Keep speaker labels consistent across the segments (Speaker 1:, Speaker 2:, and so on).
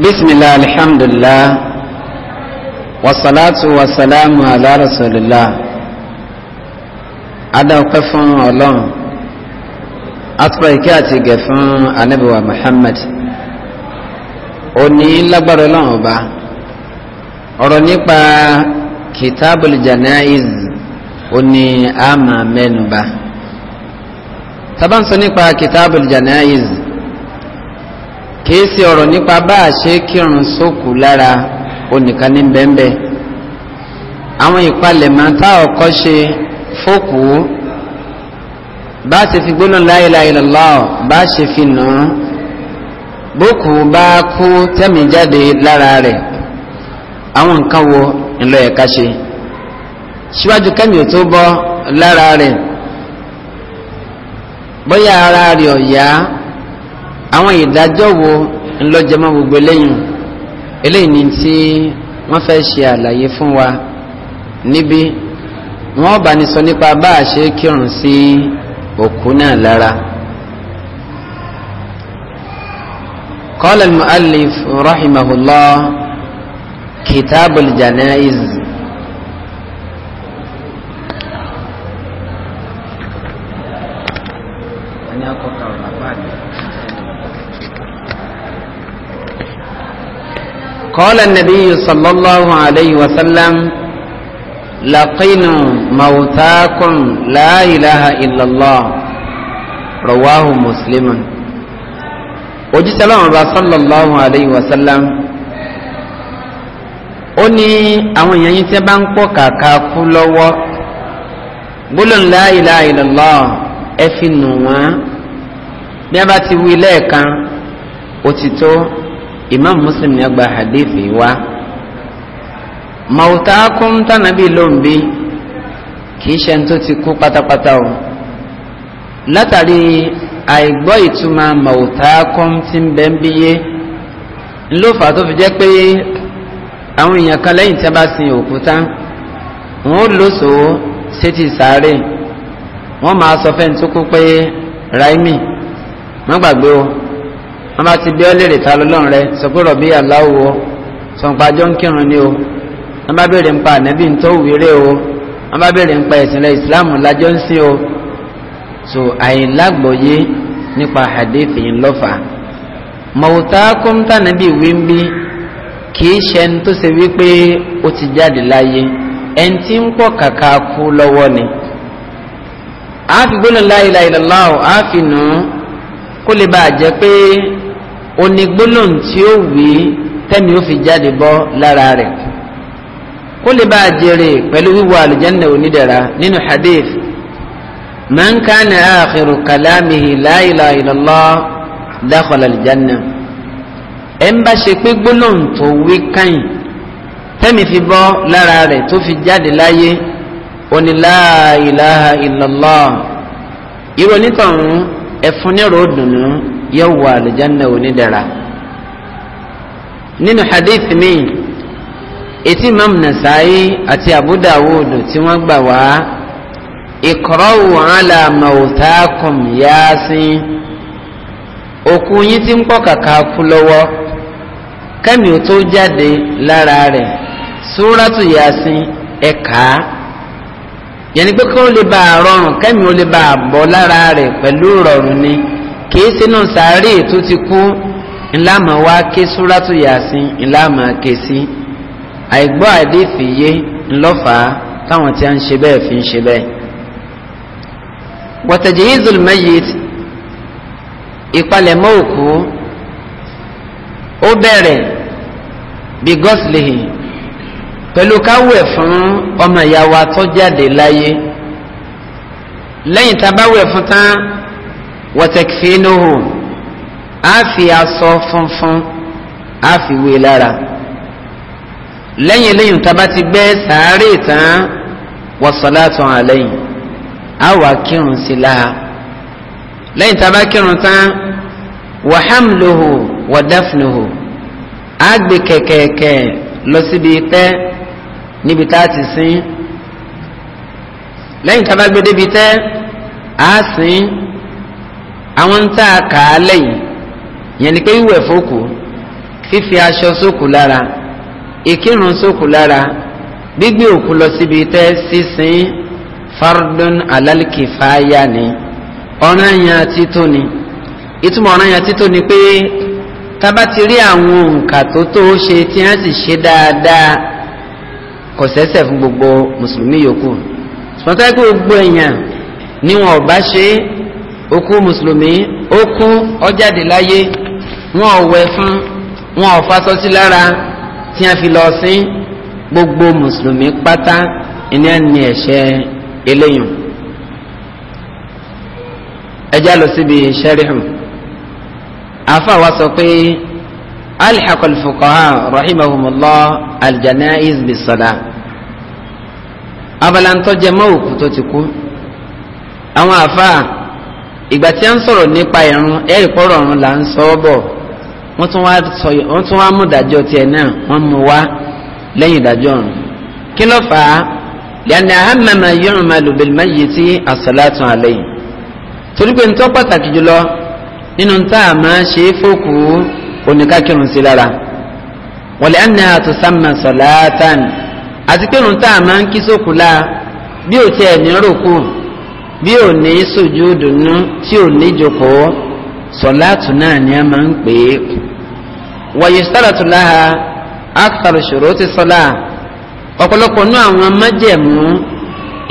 Speaker 1: bisimilah alhamdulilah wasalaatu wasalaamu ala rasulillah adawka fún ọlọ́run atúpọ̀ ìkẹ́ àti ìgẹ̀ fún anabiwa muhammad òní lágbára ọlọ́run ọba ọ̀rọ̀ nípa kitabul janaiz òní àmà mẹ́nuba tabanso nípa kitabul janaiz kìí ṣe ọ̀rọ̀ nípa bá a ṣe kírun sókù lára onìkan ní bẹ́ńbẹ́ àwọn ìpalẹ̀mọ́ tá a kọ́ ṣe fókù bá a fi gbóná la ilaha illallah bá a ṣe fi nà án bókù bá a kú tẹ́mi jáde lára rẹ̀ àwọn nǹkan wo ńlọ ẹ̀ka ṣe síwájú kẹ́mi ò tó bọ́ lára rẹ̀ bóyá ara rẹ̀ ọ̀yá àwọn ìdájọ́ wo ńlọ́jẹmọ́ gbogbo lẹ́yìn eléyìí ni tí wọ́n fẹ́ ṣe àlàyé fún wa níbí wọ́n bá ní sọ nípa bá a ṣe kírun sí òkú náà lára. قال المؤلف رحمه الله كتاب الجنائز قال النبي صلى الله عليه وسلم لقين موتاكم لا إله إلا الله رواه مسلم ojú sẹlẹ̀wọ̀n bá sallallahu alayhi wa sallam ó ní àwọn èèyàn yín tí bá ń pọ̀ kàkà fún lọ́wọ́ la ilaha illallah ẹ fi nù bí a bá ti wí lẹ́ẹ̀kan ó imam muslim ni agba hadithi wa mautakum tanabi lombi kìí ṣe ẹni tó ti kú pátápátá o latari àìgbọ́ ìtumọ̀ mautakum tí ń bẹ ń bí yé ló fà tó fi jẹ́ pé àwọn èèyàn kan lẹ́yìn tí a bá sin òkúta wọn ó lóṣòó sétí sáré wọn máa sọ fẹ́ni tó kú pé raimi má gbàgbé o wọ́n bá ti bí ọ léèrè ta lọ́lọ́run rẹ sọ pé rọ̀bí aláwọ̀ sọ̀npa jọ ń kírun ni o wọ́n bá béèrè nípa ànábì ń tó wéré o wọ́n bá béèrè nípa ẹ̀sìn rẹ ìsìláàmù lájọ́ ń sìn o so àìlágbọ̀yé nípa hadith yìí lọ́fà mọ̀wútá kọ́ńtà nàbí wíńbí kìí ṣe ẹni tó ṣe wípé ó ti jáde láyé ẹni tí ń pọ̀ kàkà kú lọ́wọ́ ni àáfi gbólóhùn la ilaha illallah àáfi nù kó lè bàa jẹ́ pé onígbólóhùn tí ó wí tẹ́mi ó fi jáde bọ́ lára rẹ̀ kó lè bá a jèrè pẹ̀lú wíwọ àlùjánnà onídẹ̀ra nínú hadith man kana akhiru kalamihi la ilaha illallah dakhala aljanna ẹ̀ ń bá ṣe pé gbólóhùn tó wí káyìn tẹ́mi fi bọ́ lára rẹ̀ tó fi jáde láyé oní la ilaha illallah ìrònítọ̀run ròdùnú yóò wà àlùjáná onídàra nínú hadith mi etí imam nasaayi àti abu dawud tí wọ́n gbà wá ìkọrọwù ala mawtakum yaasin òkú yín tí ń pọ̀ kàkà kú lọ́wọ́ kẹ́mi ò tó jáde lára rẹ̀ súrátù yaasin ẹ̀ka pé kí wọ́n lè bá a rọrùn kẹ́mi lè bá a bọ́ lára rẹ̀ rọrùn ni kìí sínú sàárè tó ti kú ńláàmà wá ké súrátù yàsín ńláàmà ké sí àìgbọ́ àdéfìyé ńlọ́fà táwọn tí a ń ṣe bẹ́ẹ̀ fi ń ṣe bẹ́ẹ̀. wa tajhizul mayyit ìpalẹ̀mọ́ òkú ó bẹ̀rẹ̀ bí gọ́sìlìhì pẹ̀lú káwẹ̀ fún ọmọ ìyá wa tó jáde láyé lẹ́yìn tá a bá wẹ̀ fún tán wọ́tẹ̀kífínúhù á fi aṣọ funfun á fi wé lára lẹ́yìn lẹ́yìn tábà ti gbẹ́ sàárè tán wọ́sọ̀látọ̀ àlẹ́yìn á wà kírun sí láha lẹ́yìn tábà kírun tán wàhámlòhù wàdáfnòhù á gbé kẹ̀kẹ̀kẹ̀ lọ síbi tẹ́ níbi tá a ti sìn lẹ́yìn tábà gbé débi tẹ́ á sìn àwọn ń tà kàálẹ̀ yìí yẹn ni pé ìwẹ̀ fókù fífi aṣọ sókù lára ìkírun sókù lára gbígbé òkú lọ síbi tẹ́ sísìn fardun alalikifaya ni ọ̀ranyàn tító ni ìtumọ̀ ọ̀ranyàn tító ni pé tába ti rí àwọn òǹkà tó tó ṣe tí wọ́n sì ṣe dáadáa kò sẹ́sẹ̀ fún gbogbo mùsùlùmí yòókù sọ́tẹ́ gbogbo èèyàn ni wọn ò ṣe é òkú mùsùlùmí ó kú ọjáde láyé wọn ò wẹ̀ fún wọn ò fasọ sí lára tí a fi lọ sí gbogbo mùsùlùmí pátá ìní àní ẹ̀ṣẹ̀ eléyìn ẹjá lọ síbi sẹ́ríhùn àfa wa sọ pé alihakul fuqaha rahimahumullah aljanaiz bisala abalantọjẹ mọ òkú tó ti kú àwọn àfa ìgbà tí a ń sọ̀rọ̀ nípa ìrun ẹ̀rì pọ̀rọ̀ ọ̀run là ń sọ ọ́ bọ̀ wọ́n tún wá mú ìdájọ́ tiẹ̀ náà wọ́n mú wá lẹ́yìn ìdájọ́ ọ̀run kí ló fà á lẹ́ni ahámẹ́mẹ́ yọ̀rùn máa lò bẹ̀rẹ̀ méjì tí àsọ̀látún àlẹ́ yìí torí pé nítorí pàtàkì jùlọ nínú tá a máa ṣe é fòkù oníkàkírun sí lára wọ̀lẹ́ ẹni àtúnsámà sọ̀látàn àti pé nítorí tá a máa ń kí sókù bí ò tiẹ̀ ní rò kù bí ò ní sùjúdù nù tí ò ní jókòó sọ̀láàtù náà ni a máa ń pè é wọ̀nyí sọ̀láàtù láha akthar shuruti sọ̀lá ọ̀pọ̀lọpọ̀ nú àwọn májẹ̀mú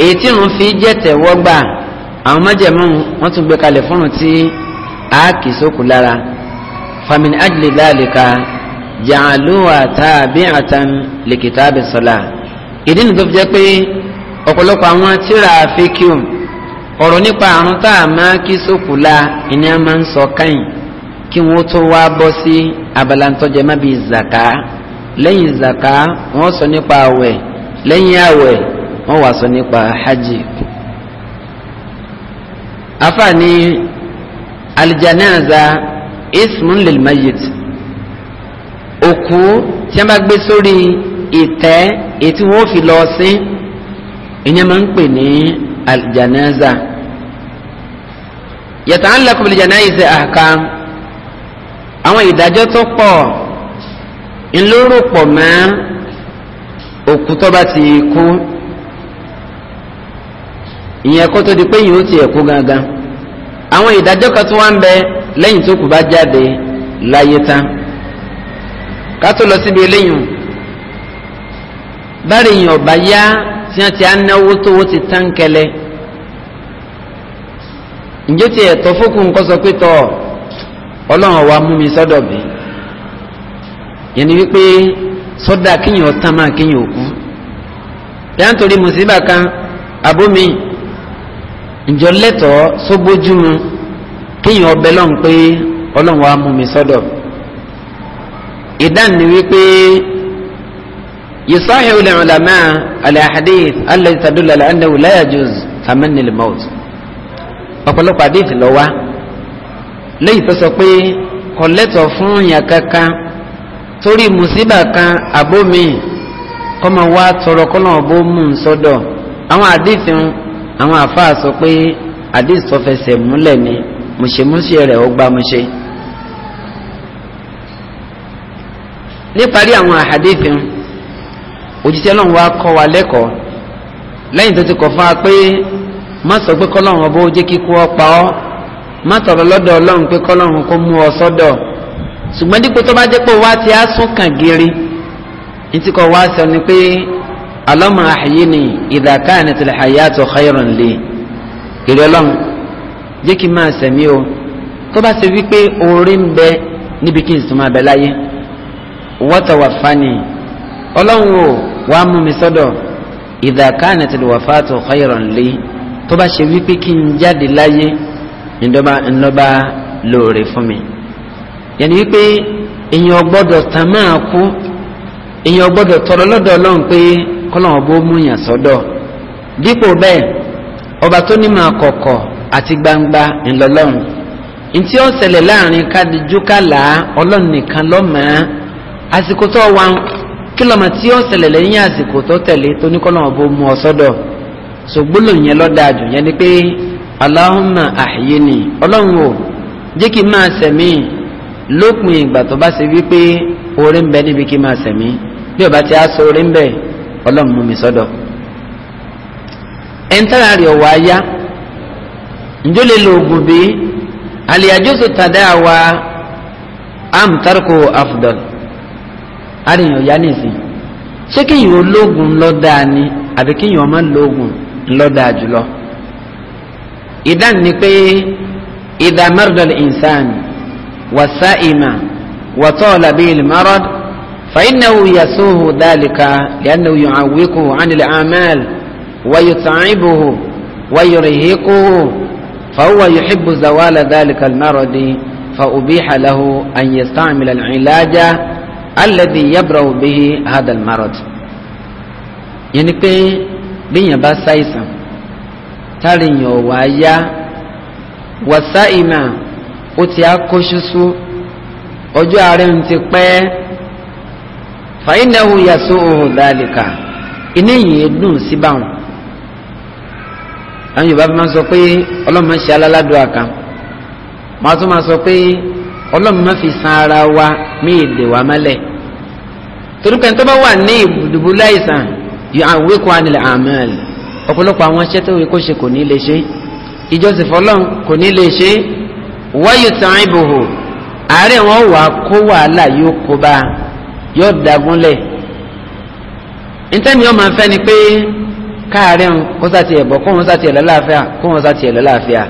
Speaker 1: èyí tí wọ́n fi jẹ́ tẹ̀wọ́gbà àwọn májẹ̀mú wọ́n tún gbé kalẹ̀ fún un tí a kì í sókù lára famin ajli dhalika ja'aluha tabi'atan likitabi sọ̀lá ìdí nìkan fi jẹ́ pé ọ̀pọ̀lọpọ̀ àwọn tíra fíkìum ọ̀rọ̀ nípa àrùn tá a máa kí sókùlá ìní a máa ń sọ káyìn kí wọ́n tó wá bọ́ sí abala ńtọ́jẹ má bíi zaka lẹ́yìn zaka wọ́n sọ nípa àwẹ̀ lẹ́yìn àwẹ̀ wọ́n wá sọ nípa hajj. afaani aljanaza ismun lil mayit òkú tí a bá gbé sórí ìtẹ́ ètí wọ́n fi lọ sí ìyẹn máa ń pè ní aljanaza yata'allaqu bil janayiz ahkam àwọn ìdájọ́ tó pọ̀ ńlọrọ pọ̀ mọ́ òkú tó bá ti kú ìyẹn kó tó di pé yìí ó ti ẹ̀kú gangan àwọn ìdájọ́ kan tó wá ń bẹ lẹ́yìn tó kù bá jáde láyé tán ká tó lọ síbi eléyìí báyìí yìí ọ̀bá yá tí wọ́n ti á náwó tó wó ti tán kẹlẹ́ ǹjẹ́ ti ẹ̀tọ́ fókun kọ́ sọ pé tọ́ ọlọ́run wa mú mi sọ́dọ̀ bí yẹn ni wípé sọ́dà kíyàn ọ̀tán máa kíyàn òkú yàrá torí mùsíbà kan abómi ǹjọ́ lẹ́tọ̀ọ́ sógbójúmu kíyàn ọbẹ̀ lọ́n pé ọlọ́run wa mú mi sọ́dọ̀ ìdáhùn ni wípé yìí sọ́hìn olè ọ̀làmà alẹ́ àhàdí alẹ́ ìtàdúlẹ̀ alẹ́ àndáwò láyàjọ́ tàmánilmọ́tò ọ̀pọ̀lọpọ̀ àdéhìí lọ wá lẹ́yìn tó sọ pé kọ̀lẹ́tọ̀ fún yàn kankan torí mùsíbà kan àbómi kọ́mọ wá tọrọ kọ́nà bó mú un sọ́dọ̀ àwọn àdéhìí àwọn àfáà sọ pé àdéhìí tó fẹsẹ̀ múlẹ̀ ni mùsèmúsè rẹ̀ ó gbá múṣe. níparí àwọn àhàdéfì ń òjíṣẹ́ náà wá kọ́ wa lẹ́kọ̀ọ́ lẹ́yìn tó ti kọ̀ fún wa pé má sọ pé kọ́lọ́hún ọba ó jẹ́ kíkú ọ̀pá ọ́ má tọ̀rọ̀ lọ́dọ̀ ọlọ́run pé kọ́lọ́hún kó mú ọ sọ́dọ̀ ṣùgbọ́n dípò tó bá jẹ́ pé wá ti á sún kàn gírí ní tí kò wá sọ ni pé alọ́mọ àyè ni ìdàká ni tìlẹ̀ àyà tó xayọ̀rọ̀ lé ìrẹ́ ọlọ́run jẹ́ kí n máa sẹ̀mí o tó bá ṣe wípé orí ń bẹ níbi kí n sùn máa bẹ láyé wọ́tọ̀ wà fani ọlọ́run o wàá mú mi sọ́dọ̀ ìdàká ni tìlẹ̀ wàfà tó xayọ̀rọ̀ lé tó bá ṣe wípé kí n jáde láyé ńlọba ńlọba lóore fún mi yẹni wípé èèyàn gbọ́dọ̀ tán máa kú èèyàn gbọ́dọ̀ tọrọ lọ́dọ̀ Ọlọ́run pé kọlọrun bó mú yàn sọ́dọ̀ dípò bẹ́ẹ̀ ọba tó ní máa kọ̀kọ̀ àti gbangba ńlọlọrun ntí ó ṣẹlẹ̀ láàrin kadijukala Ọlọ́run nìkan lọmọọ àsìkò tó wà kí tí ó ṣẹlẹ̀ lẹ́yìn àsìkò tó tẹ̀lé tó ní kọlọrun bó mú ọ sọ́dọ̀. So so yẹn lọ dáa jù yẹn ni pé ọlọ́run o jẹ́ kí n máa sẹ̀mí lópin ìgbà tó bá ṣe wípé orí bẹ níbi kí n ọba ti á sọ orí bẹ ọlọ́run mú mi sọ́dọ̀ ẹ̀ńtàrà rẹ̀ ọ̀wọ́ ayá njó lè lo oògùn bí wa amtarko afdal àríyàn ọ̀yá nìsín ṣé kéèyàn ológun lọ́ọ́ dáa ni àbí kéèyàn ọmọ lọ́dà jùlọ. ìdáhùn ni pé ìdá mardal insan wasaima watola bil marad fainahu yasuhu dalika liannahu yucawikuhu can ilcaamal wayutcibuhu wayurhiquhu fahuwa yuxibu zawala dalika almaradi فأبيح له أن يستعمل العلاج الذي يبرأ به هذا المرض يعني pé bíyàn bá ṣàìsàn tárìyàn wà á yá wàsá ìmà ó ti á kó ṣoṣo ọjọ́ ààrẹ ń ti pẹ́ fàyíndáwó yàtọ̀ òhùn dálìkà iná yìí dùn sí báwọn àwọn yorùbá máa sọ pé ọlọ́run máa ṣe aláládùn àkàn máa tún máa sọ pé ọlọ́run máa fi san ara wa mí èdè wa mọ́lẹ̀ torí pé tó bá wà ní ìbùdókòlá ìsàn yu'awwiqu 'anil a'mal ọ̀pọ̀lọpọ̀ àwọn iṣẹ́ tó yẹ kó ṣe kò ní lè ṣe ìjọsìn fọlọ́n kò ní lè ṣe wa yut'ibuhu àárẹ̀ wọn wà kó wàhálà yóò kó bá yóò dagunlẹ̀ ntẹ́ni ọmọ afẹ́ ni pé káàárẹ̀ ń kó sátì ẹ̀bọ̀ kó wọn sátì ẹ̀lọ́ láàfíà kó wọn sátì ẹ̀lọ́ láàfíà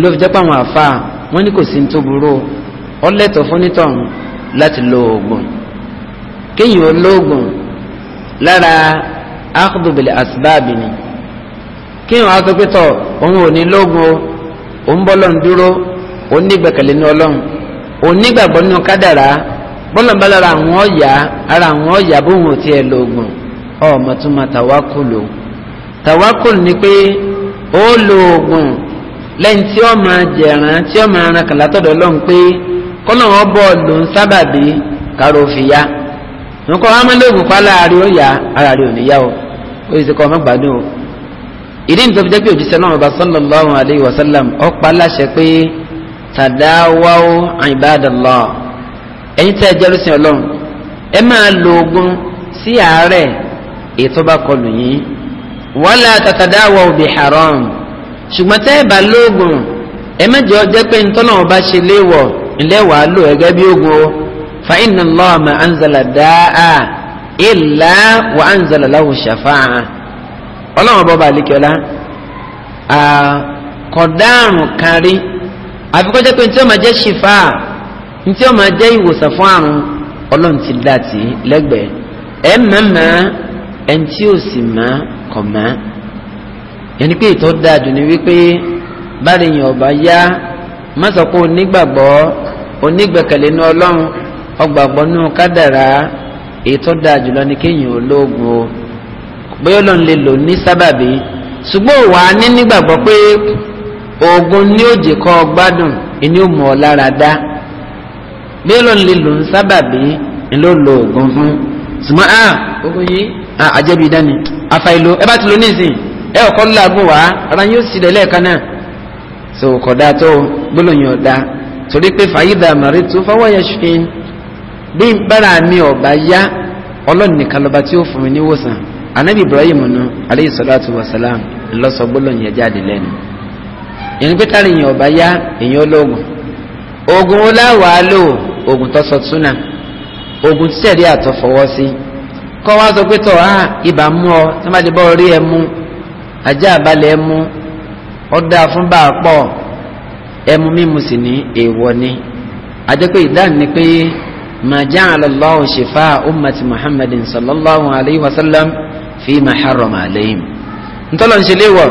Speaker 1: ló fi jẹ́pọ̀ àwọn àfa wọn ní kò sí ní tó burú ọlẹ́tọ̀ fún láti lo oògùn kéèyàn olóògùn lára akhdubili asbáàbì ni kí wọn aṣọ pé tọ òun ò ní lóògùn o òun bọ́lọ̀ ń dúró òun ní ọlọ́run òun nígbàgbọ́ nínú kádàrá bọ́lọ̀ ń bá lára àwọn ọ̀yà ara àwọn ọ̀yà bóun ò ọmọ tó máa tàwákùlù tàwákùlù ni pé ó lóògùn nǹkan amúlòògùn pa láàrin ó yá ara rẹ̀ ò ní yá o ó sì kọ́ ọmọ gbádùn o ìdí nítorí jẹ́ pé òjíṣẹ́ náà ọba sallallahu alayhi wa sallam ó pa láṣẹ pé tadawaw ibadallah ẹ̀yin tẹ́ ẹ jẹ́rú sí ọlọ́run ẹ máa lo oògùn sí àárẹ̀ ètò bá kọlù yín wala tatadawaw bi haram ṣùgbọ́n tẹ́ ẹ bá lóògùn ẹ mẹ́jọ jẹ́ pé ntọ́nà ọba ṣe léèwọ̀ ńlẹ́wàá lò ẹ̀gẹ́ bí oògùn o. فإن الله ما أنزل anzala إلا وأنزل له anzala lahu shafa'a ọlọ́run bọ́ba àlekèọ́lá kọ̀dáàrùn kárí àfikọ́jẹ́ pé ntí ó máa jẹ́ ṣìfà ntí ó máa jẹ́ ìwòsàn fún àrùn ọlọ́run ti dá tì í lẹ́gbẹ̀ẹ́ ẹ̀ mọ̀ọ́mọ́ ẹ̀ ntí ó sì mọ́ kọ̀ mọ́ yẹnni pé ìtọ́ dáa dùn ní wípé báyìí yẹn ọba yá má sọ pé onígbàgbọ́ onígbẹ̀kẹ̀lé ní ọlọ́run ọgbàgbọ́ nù kádàrá èyí jùlọ ní kéèyàn ológun o bóyá ló lò ní sábàbí ṣùgbọ́n wà á ní nígbàgbọ́ pé oògùn ní òjì kọ́ gbádùn ìní ò lára dá bóyá ló ń lò ní sábàbí ah, ah, ni ló ṣùgbọ́n a oògùn yìí a àjẹbí dání àfàìlò ẹ bá ti lò nísìn ẹ bí bára mi ọba yá ọlọ́run nìkan tí ó fún mi níwòsàn anabi ibrahim nu aleyhi salatu wa salam lọ́sọ gbólóhùn yẹn jáde lẹ́nu ìrìn pé ọba yá èyí ológun oògùn oláwàá lò oògùn túnà àtọ̀ fọwọ́ ajá àbálẹ̀ ẹ mú fún bá ni ìdáhùn ni pé ما جعل الله شفاء أمة محمد صلى الله عليه وسلم فيما حرم عليهم ntọ́lọ́ ń ṣe léwọ̀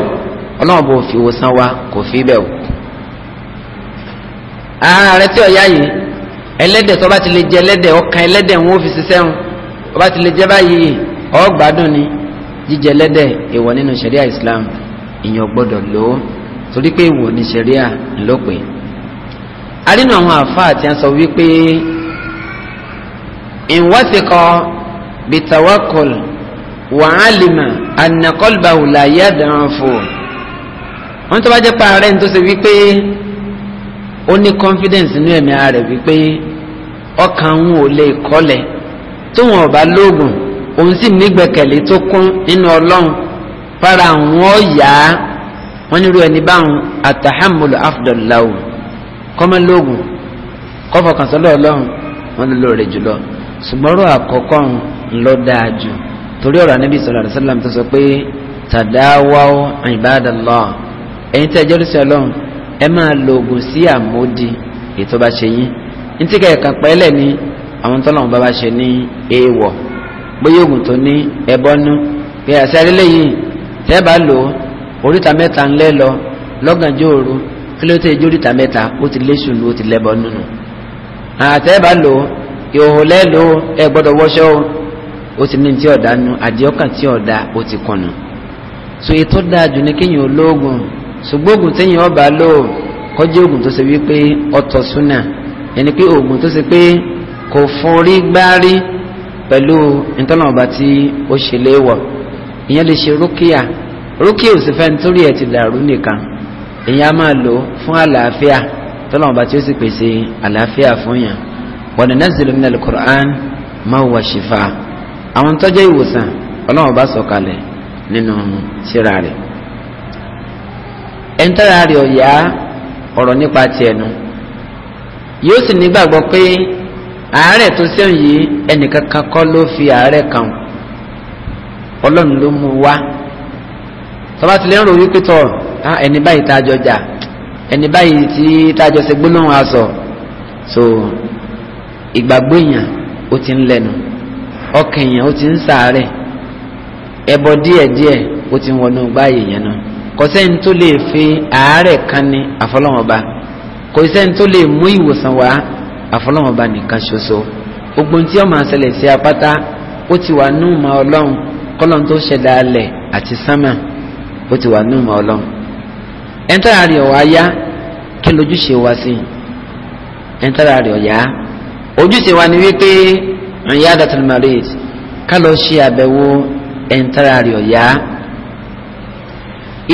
Speaker 1: ọlọ́run bò fi wòsàn wa kò fi bẹ́ẹ̀ o. ààrẹ tí ọ̀yá yìí ẹlẹ́dẹ̀ tó bá ti lè jẹ ẹlẹ́dẹ̀ ọkàn ẹlẹ́dẹ̀ wọn ò fi ṣiṣẹ́ wọn tó bá ti lè jẹ báyìí ọgbàdùn ni jíjẹ ẹlẹ́dẹ̀ èèwọ̀ nínú ṣẹ̀ríà Islam èèyàn gbọ́dọ̀ lò ó torí pé èèwọ̀ ní ṣẹ̀ríà ńlọ́pẹ́. arínú àwọn àáfàá tí a sọ wípé إن وثق بالتوكل وعلم أن قلبه لا يضعف wọ́n tó bá jẹ́ pa ààrẹ tó ṣe wípé ó ní confidence nínú ẹ̀mí ààrẹ wípé ọkàn òun ò lè kọ́lẹ̀ tóun ọ̀bá lóògùn òun sì nígbẹ̀kẹ̀lé tó kún nínú ọlọ́run fara àwọn ọ̀yà wọ́n nírú ẹni báwọn àtàhámùlù afdọ̀láwò kọ́mọ́lóògùn kọ́fọ̀kànsọ́lọ́ ọlọ́run wọ́n lè lóore jùlọ ṣùgbọ́nrọ́ àkọ́kọ́ ńlọ dáa jù torí ọ̀rọ̀ anábì sallallahu alaihi wasallam tó sọ pé tadawaw ibadallah ẹ̀yin tí a jẹ́ lóṣù ọlọ́run ẹ máa lo oògùn sí àmódi ètò bá ṣe yín ní tí kẹ̀kẹ́ pẹ́lẹ̀ ni àwọn tọ́lọ́run bá bá ṣe ní èèwọ̀ bóyá oògùn tó ní ẹbọ́nú pé àṣẹ alẹ́lẹ́ yìí tẹ́ bá lò ó oríta mẹ́ta ńlẹ́ lọ lọ́gànjọ́ òru kí ló tẹ́ ijó oríta mẹ́ta ó ti léṣù lù ó ti lẹ́bọ̀ nínú àtẹ́ bá lò ó ìhòhò lẹ́lò ẹ gbọ́dọ̀ wọṣọ o ó ti ní tí ọ̀dà nu àdìọ́kàn tí ọ̀dà ó ti kùnà so ètò dáa jù ní kéèyàn olóògùn ṣùgbọ́n oògùn téèyàn ọba lò kọjá oògùn tó ṣe wípé ọtọ̀ súnà yẹn ni pé oògùn tó ṣe pé kò fún rí gbárí pẹ̀lú ìtọ́nà ọba tí ó ṣe léèwọ̀ ìyẹn lè ṣe rúkìá rúkìá ò sì fẹ́ nítorí ẹ̀ ti dàrú nìkan ìyẹn a máa lò fún àlàáfíà tọ́nà ọba tí ó sì pèsè àlàáfíà fún yàn wa nunazzilu minal Qur'an ma huwa shifa' àwọn tó jẹ́ ìwòsàn ọlọ́run bá sọ̀kalẹ̀ nínú síra rẹ̀ ẹ̀ńtàrà rẹ̀ ọ̀yá ọ̀rọ̀ nípa tiẹ̀ nu yóò sì nígbàgbọ́ pé àárẹ̀ tó sẹ́yìn yìí ẹnìkan kan kọ́ ló fi àárẹ̀ kàn ọlọ́run ló mú wá tọ́ba tilẹ̀ ń rò wípé tọ́ ẹni báyìí tá a jọ jà ẹni báyìí tí tá a jọ ṣe gbóná àṣọ so ìgbàgbọ́ èèyàn ó ti ń lẹ́nu ọkàn èèyàn ó ti ń sàárẹ̀ ẹbọ díẹ̀díẹ̀ ó ti ń wọnú gbáàyè yẹn náà kò sẹ́ni tó lè fi àárẹ̀ kan ní àfọlọ́mọba kò sẹ́ni tó lè mú ìwòsàn wá àfọlọ́mọba nìkan ṣoṣo gbogbo tí ó máa ṣẹlẹ̀ sí apáta ó ti wà nù mọ́ ọlọ́run kọ́lọ́n tó ṣẹ̀dá alẹ̀ àti sánmà ó ti wà nù mọ́ ọlọ́run ẹ̀ńtàrà rẹ̀ wá yá kí lójúṣe wá sí ẹ̀ńtàrà rẹ̀ ọ̀yá ojúṣe wa ni wípé iyadatul marid ká lọ ṣe àbẹ̀wò ẹ̀ńtara rẹ̀ ọ̀yá.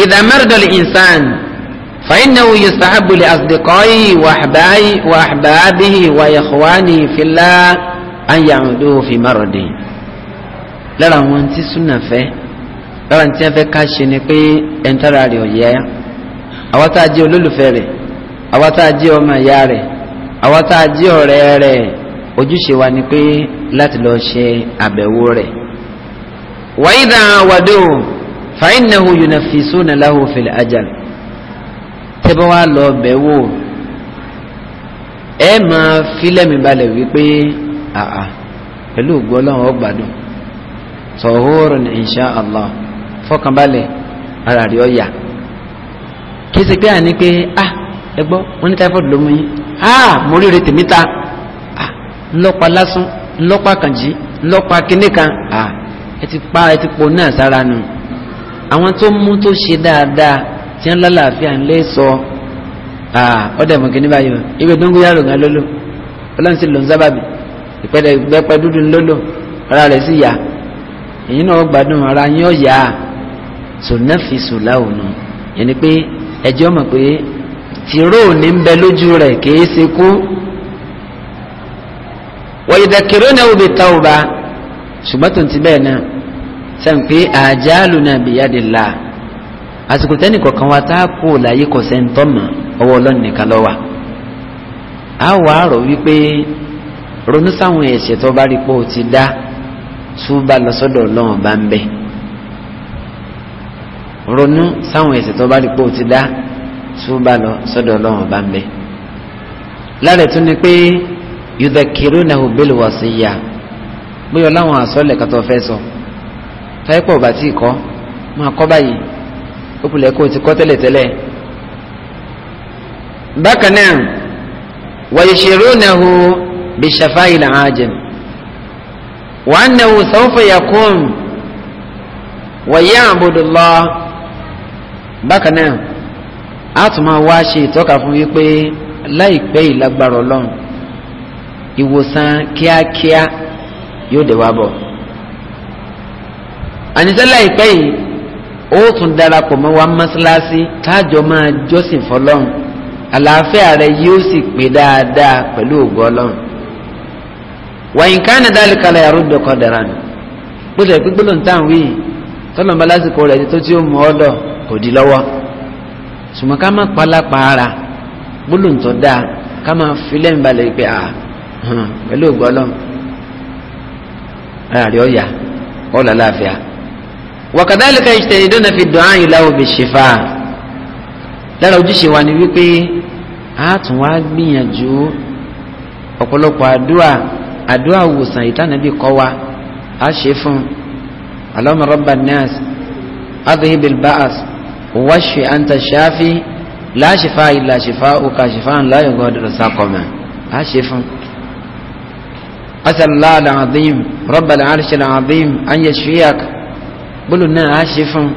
Speaker 1: idha marida al-insan fa innahu yustahabbu li asdiqai wa ahbabihi wa ikhwanihi fillah an ya'udu fi maradi. lára àwọn tí súnà fẹ́ lára tí wọ́n fẹ́ ká ṣe ni pé ẹ̀ńtara rẹ̀ ọ̀yá àwa tá a jẹ́ olólùfẹ́ rẹ̀ àwa tá a jẹ́ ọmọ ìyá rẹ̀ àwọn tá a jí ọ̀rẹ́ rẹ̀ ojúṣe wa ni pé láti lọ ṣe àbẹ̀wò rẹ̀ wa idha wàdó fa innahu yunafisuna lahu fil ajal tẹ́bọ́ wa lọ bẹ̀wò ẹ máa fílẹ̀mì balẹ̀ wípé àà pẹ̀lú ògbó ọlọ́run sọ̀hóòrùn insha Allah fọkànbalẹ̀ ara rí ọ̀yà kí sì pé à ní pé ah ẹ gbọ́ wọn ní typhoid ló mú yín ah mo rí rẹ tèmi ta ah ńlọ́pa lásán ńlọ́pa kànjí ńlọ́pa kínní kan ah, pa ẹ ti po náà sára nu àwọn tó mú tó ṣe dáadáa tí wọ́n lálàáfíà ń lé sọ ah ọ̀dẹ̀ mọ̀ kínní báyìí o ibi dóngóyàrò gan lólò ọlọ́run sì lò ń sábàbí ìpẹ́ẹ́dẹ́ gbẹ́pẹ́ dúdú lólò ara rẹ̀ sì yá èyí náà gbádùn ara yín ọ̀yà sùnáfìsù láwùnú yẹn ni pé ẹjọ́ mọ̀ pé tìró ní ń bẹ lójú rẹ̀ kìí ṣe kú wọ́n ìdàkìrò náà ó bi tawba ṣùgbọ́n tó ń ti bẹ́ẹ̀ náà sẹ́ǹpé àjálù náà biyadillah àsìkò tẹ́nì kọ̀ọ̀kan wa tá a kú láyé kò sẹ́ ń tọ́mọ̀ ọwọ́ ọlọ́run nìkan ló wà á wà á rọ̀ wípé ronú sáwọn ẹ̀ṣẹ̀ tó bá rí pé o ti dá túbà lọ ọlọ́run bá ń bẹ ronú sáwọn ẹ̀ṣẹ̀ tó bá rí pé o ti dá túbà lọ sọ́dọ̀ Ọlọ́run bá ń bẹ lára tún ni pé yudhakirunahu bil wasiyya bóyá ọláwọn àsọlẹ̀ kàtọ fẹ́ sọ táyẹpọ ọba tí kọ máa kọ báyìí ó kulẹ̀ kó o ti kọ tẹ́lẹ̀tẹ́lẹ̀ bákan náà wayushirunahu bishafa'il ajim wa annahu sawfa yaqum wa ya'budu Allah bákan náà a tún máa wá ṣe ìtọ́ka fún wípé láìpẹ́ ìlágbára ọlọ́run ìwòsàn kíákíá yóò dé wá bọ̀ àníṣe láìpẹ́ yìí ó tún darapọ̀ mọ́ wa mọ́ṣáláṣí táàjọ máa jọ́sìn fọlọ́run àlàáfíà rẹ yóò sì pé dáadáa pẹ̀lú ògo ọlọ́run wàyìn kánà dálí kalẹ̀ àrùdọ̀ kọ̀dàrà nù gbọ́dọ̀ pípẹ́ táwọn wí tọ́lọ́mọ lásìkò rẹ̀ tó tí ó mú ọ́ lọ kò di lọ́wọ́ sùmọ́ ká má palapa ara gbólóǹtọ́ dáa ká má filẹ̀ ń balẹ̀ pé à ah, hàn pẹ̀lú ògbọ́lọ́ ara rẹ̀ ọ̀yà ọ̀là láàfíà. wakadhalika yajtahiduna fi du'a lahu bishifa lára ojúṣe wa ni wípé a tún wá gbìyànjú ọ̀pọ̀lọpọ̀ àdúrà àdúrà wòsàn ìtànàbí kọ́ wa a ṣe fún Allahumma rabban nas adhibil ba'as wáṣẹ àǹtà ṣáfì láṣẹfà ìlà ṣẹfà òkà ṣẹfà ńlá yọgọ ọdọdọ sákọmọ á ṣe fún. asàlá làǹdìm rọba làǹṣẹ làǹdìm ànyẹ ṣíyàk bólú náà á ṣe fún.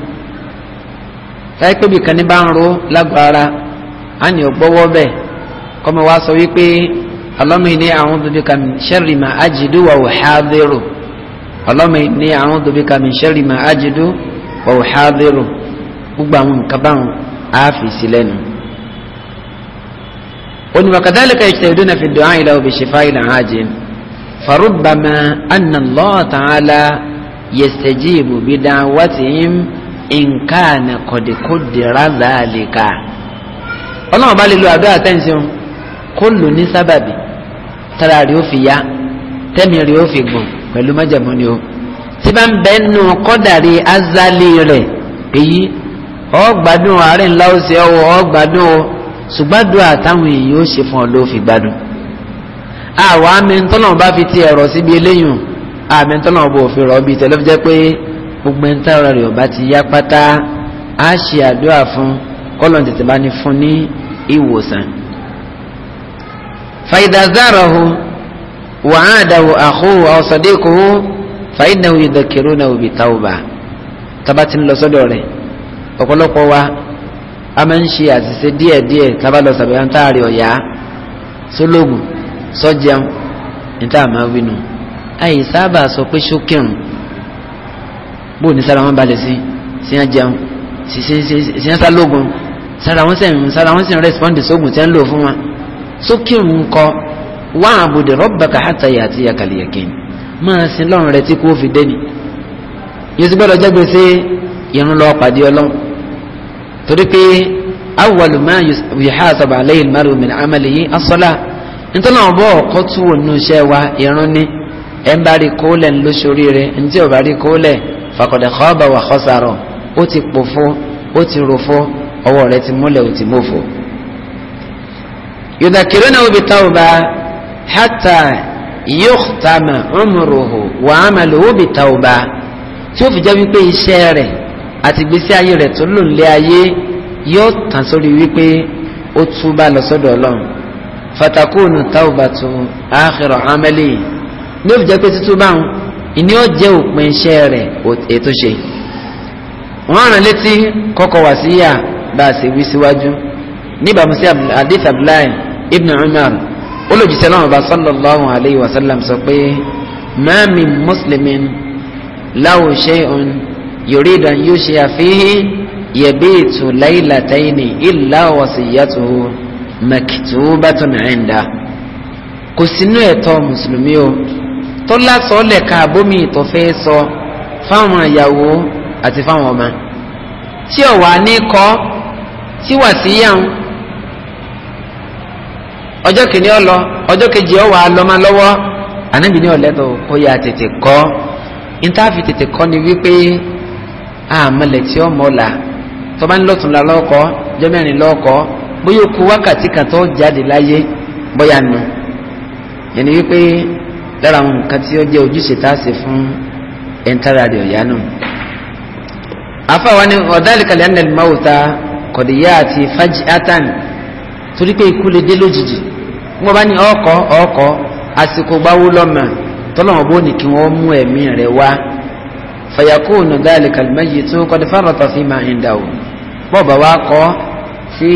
Speaker 1: táyé pé bìkan ní bá ń ro lágọ̀ọ́ ara á ní ọgbọ́wọ́ bẹ́ẹ̀ kọ́mọ wá sọ wípé alọ́mọ ni a'udhu bika min sharri ma ajidu wa uhadhiru alọ́mọ ni a'udhu bika min sharri ma ajidu wa uhadhiru gbogbo àwọn nǹkan báwọn á fi sí lẹ́nu. onímọ̀kàdálẹ́kà ìṣẹ̀dún náà fi dùn áyìn lọ́wọ́ bí ṣèfà ìlà hajj farubbama anna Allah ta'ala yastajibu bi da'watihim in kana qad qaddara dhalika. ọlọ́run bá lè lo àdó àtẹ́ǹsìn kó lò ní sábàbí tára rí ó fi yá tẹ́mi rí ó fi gùn pẹ̀lú májàmú ni tí bá ń bẹ́ẹ̀ nù kọ́dàrí azali rẹ̀ èyí ọgbádùn àárín ńlá ó ṣe ọwọ́ ọgbádùn o ṣùgbádùn àtàwọn èèyàn ó ṣe fún ọ ló fi gbádùn. àwa àmì ńtọ́nà bá fi ti ẹ̀rọ síbi eléyìn àmì ńtọ́nà bò fi rọ̀ bíi tẹ̀lé fi jẹ́ pé gbogbo ẹ̀ńtà ọ̀rọ̀ rẹ̀ ọba ti yá pátá á ṣe àdúrà fún kọ́lọ̀ tètè bá ní fún ní ìwòsàn. fàyídàzárọ̀hu wàhádàwò àhóhù ọ̀sọ̀dẹ́kọ̀ọ́ fàyídàwò ìdàkẹ́rọ̀nà òbí táwọ̀ bá tábà lọ sọ́dọ̀ rẹ̀ ọ̀pọ̀lọpọ̀ wa a máa ń ṣe àṣìṣe díẹ̀díẹ̀ tábàlọ sàbẹ̀wò táàrí ọ̀yá sólógùn sọ́jẹun níta máa wínú àyè sábà sọ pé ṣókèrún bó ní sára wọn balẹ̀ sí sí á jẹun sí á sálógùn sára wọn sì sára wọn sì rẹ́spọ́ndì sógùn tí wọ́n lò fún wa sókèrún kọ wá àbùdè rọ́bàkà àtàyè àti àkàlẹ̀yẹ̀kẹ́ máa sin lọ́rùn rẹ tí kò fi dé ni yóò sì gbọ́dọ̀ jẹ́ ìrún lọ́ọ́ pàdé ọlọ́run torí pé awwalu ma yuhasabu alayhi al-mar'u min amalihi as-salah nítorí àwọn bọ́ọ̀ kọ́ tú wọnú iṣẹ́ wa irun ni ẹ̀ ń bá rí kólẹ̀ ń lóṣorí rẹ̀ ń tí ò bá rí kólẹ̀ faqad khaba wa khasara ó ti pòfo ó ti rofo ọwọ́ rẹ̀ ti múlẹ̀ ó ti mọ́fo. yudhakirunahu bit-tawba hatta yukhtama umruhu wa amaluhu bit-tawba tí ó fi jẹ́ wípé iṣẹ́ rẹ̀ àti ìgbésí ayé rẹ̀ tó lò lé ayé yóò tàn sórí wípé ó túbà lọ sọ́dọ̀ Ọlọ́run fatakunu taubatu akhira amali ní òfin jẹ́ pé títúbà ń ìní ó jẹ́ òpin iṣẹ́ rẹ̀ ètò ṣe wọ́n rán létí kọ́kọ́ wá sí yà bá a ṣe wí síwájú níbàámu sí hadith abdullahi ibn umar olùjíṣẹ́ náà bá sallallahu alayhi wa sallam sọ pé ma muslimin lahu shay'un yorùdà yóò ṣe àfihàn yẹ̀bí ètò láìlàtàìní ìlà wàsíyàtò maktubatun inda kò sínú ẹ̀tọ́ mùsùlùmí o tó lásọ̀ lẹ̀ka àbómi ìtọ́fẹ́ sọ fáwọn ìyàwó àti fáwọn ọmọ tí ọ̀wà ní kọ́ tí wàsíyà ń ọjọ́ kìíní ọlọ ọjọ́ kejì ọwà lọ́mọ lọ́wọ́ ànábì ọ̀lẹ́dọ̀ kó yá tètè kọ́ ní tètè kọ́ ni wípé àmọlẹ tí ó mọla tọba ńlọtún la lọkọ jọmẹrin lọkọ bóyá o kú wákàtí kan tó jáde láyé bóyá nù yẹn ni wípé lára àwọn nǹkan tí ó jẹ ojúṣe tá a ṣe fún ẹntara rẹ ọyá nù. àfàwọn ni ọ̀dàlìkà lẹ́nu ẹ̀lmọ́wòta kọ̀dìyà àti fájì átàn torí pé ikú lè dé lójijì wọ́n bá ní ọkọ̀ ọkọ̀ àsìkò gbáwó lọ́mọ tọ́lọ́mọ bó ní kí wọ́n mú ẹ̀mí rẹ̀ wá fayakunu dhalika almayitu qad farata fi ma indahu bọ́ọ̀bà wa kọ́ tí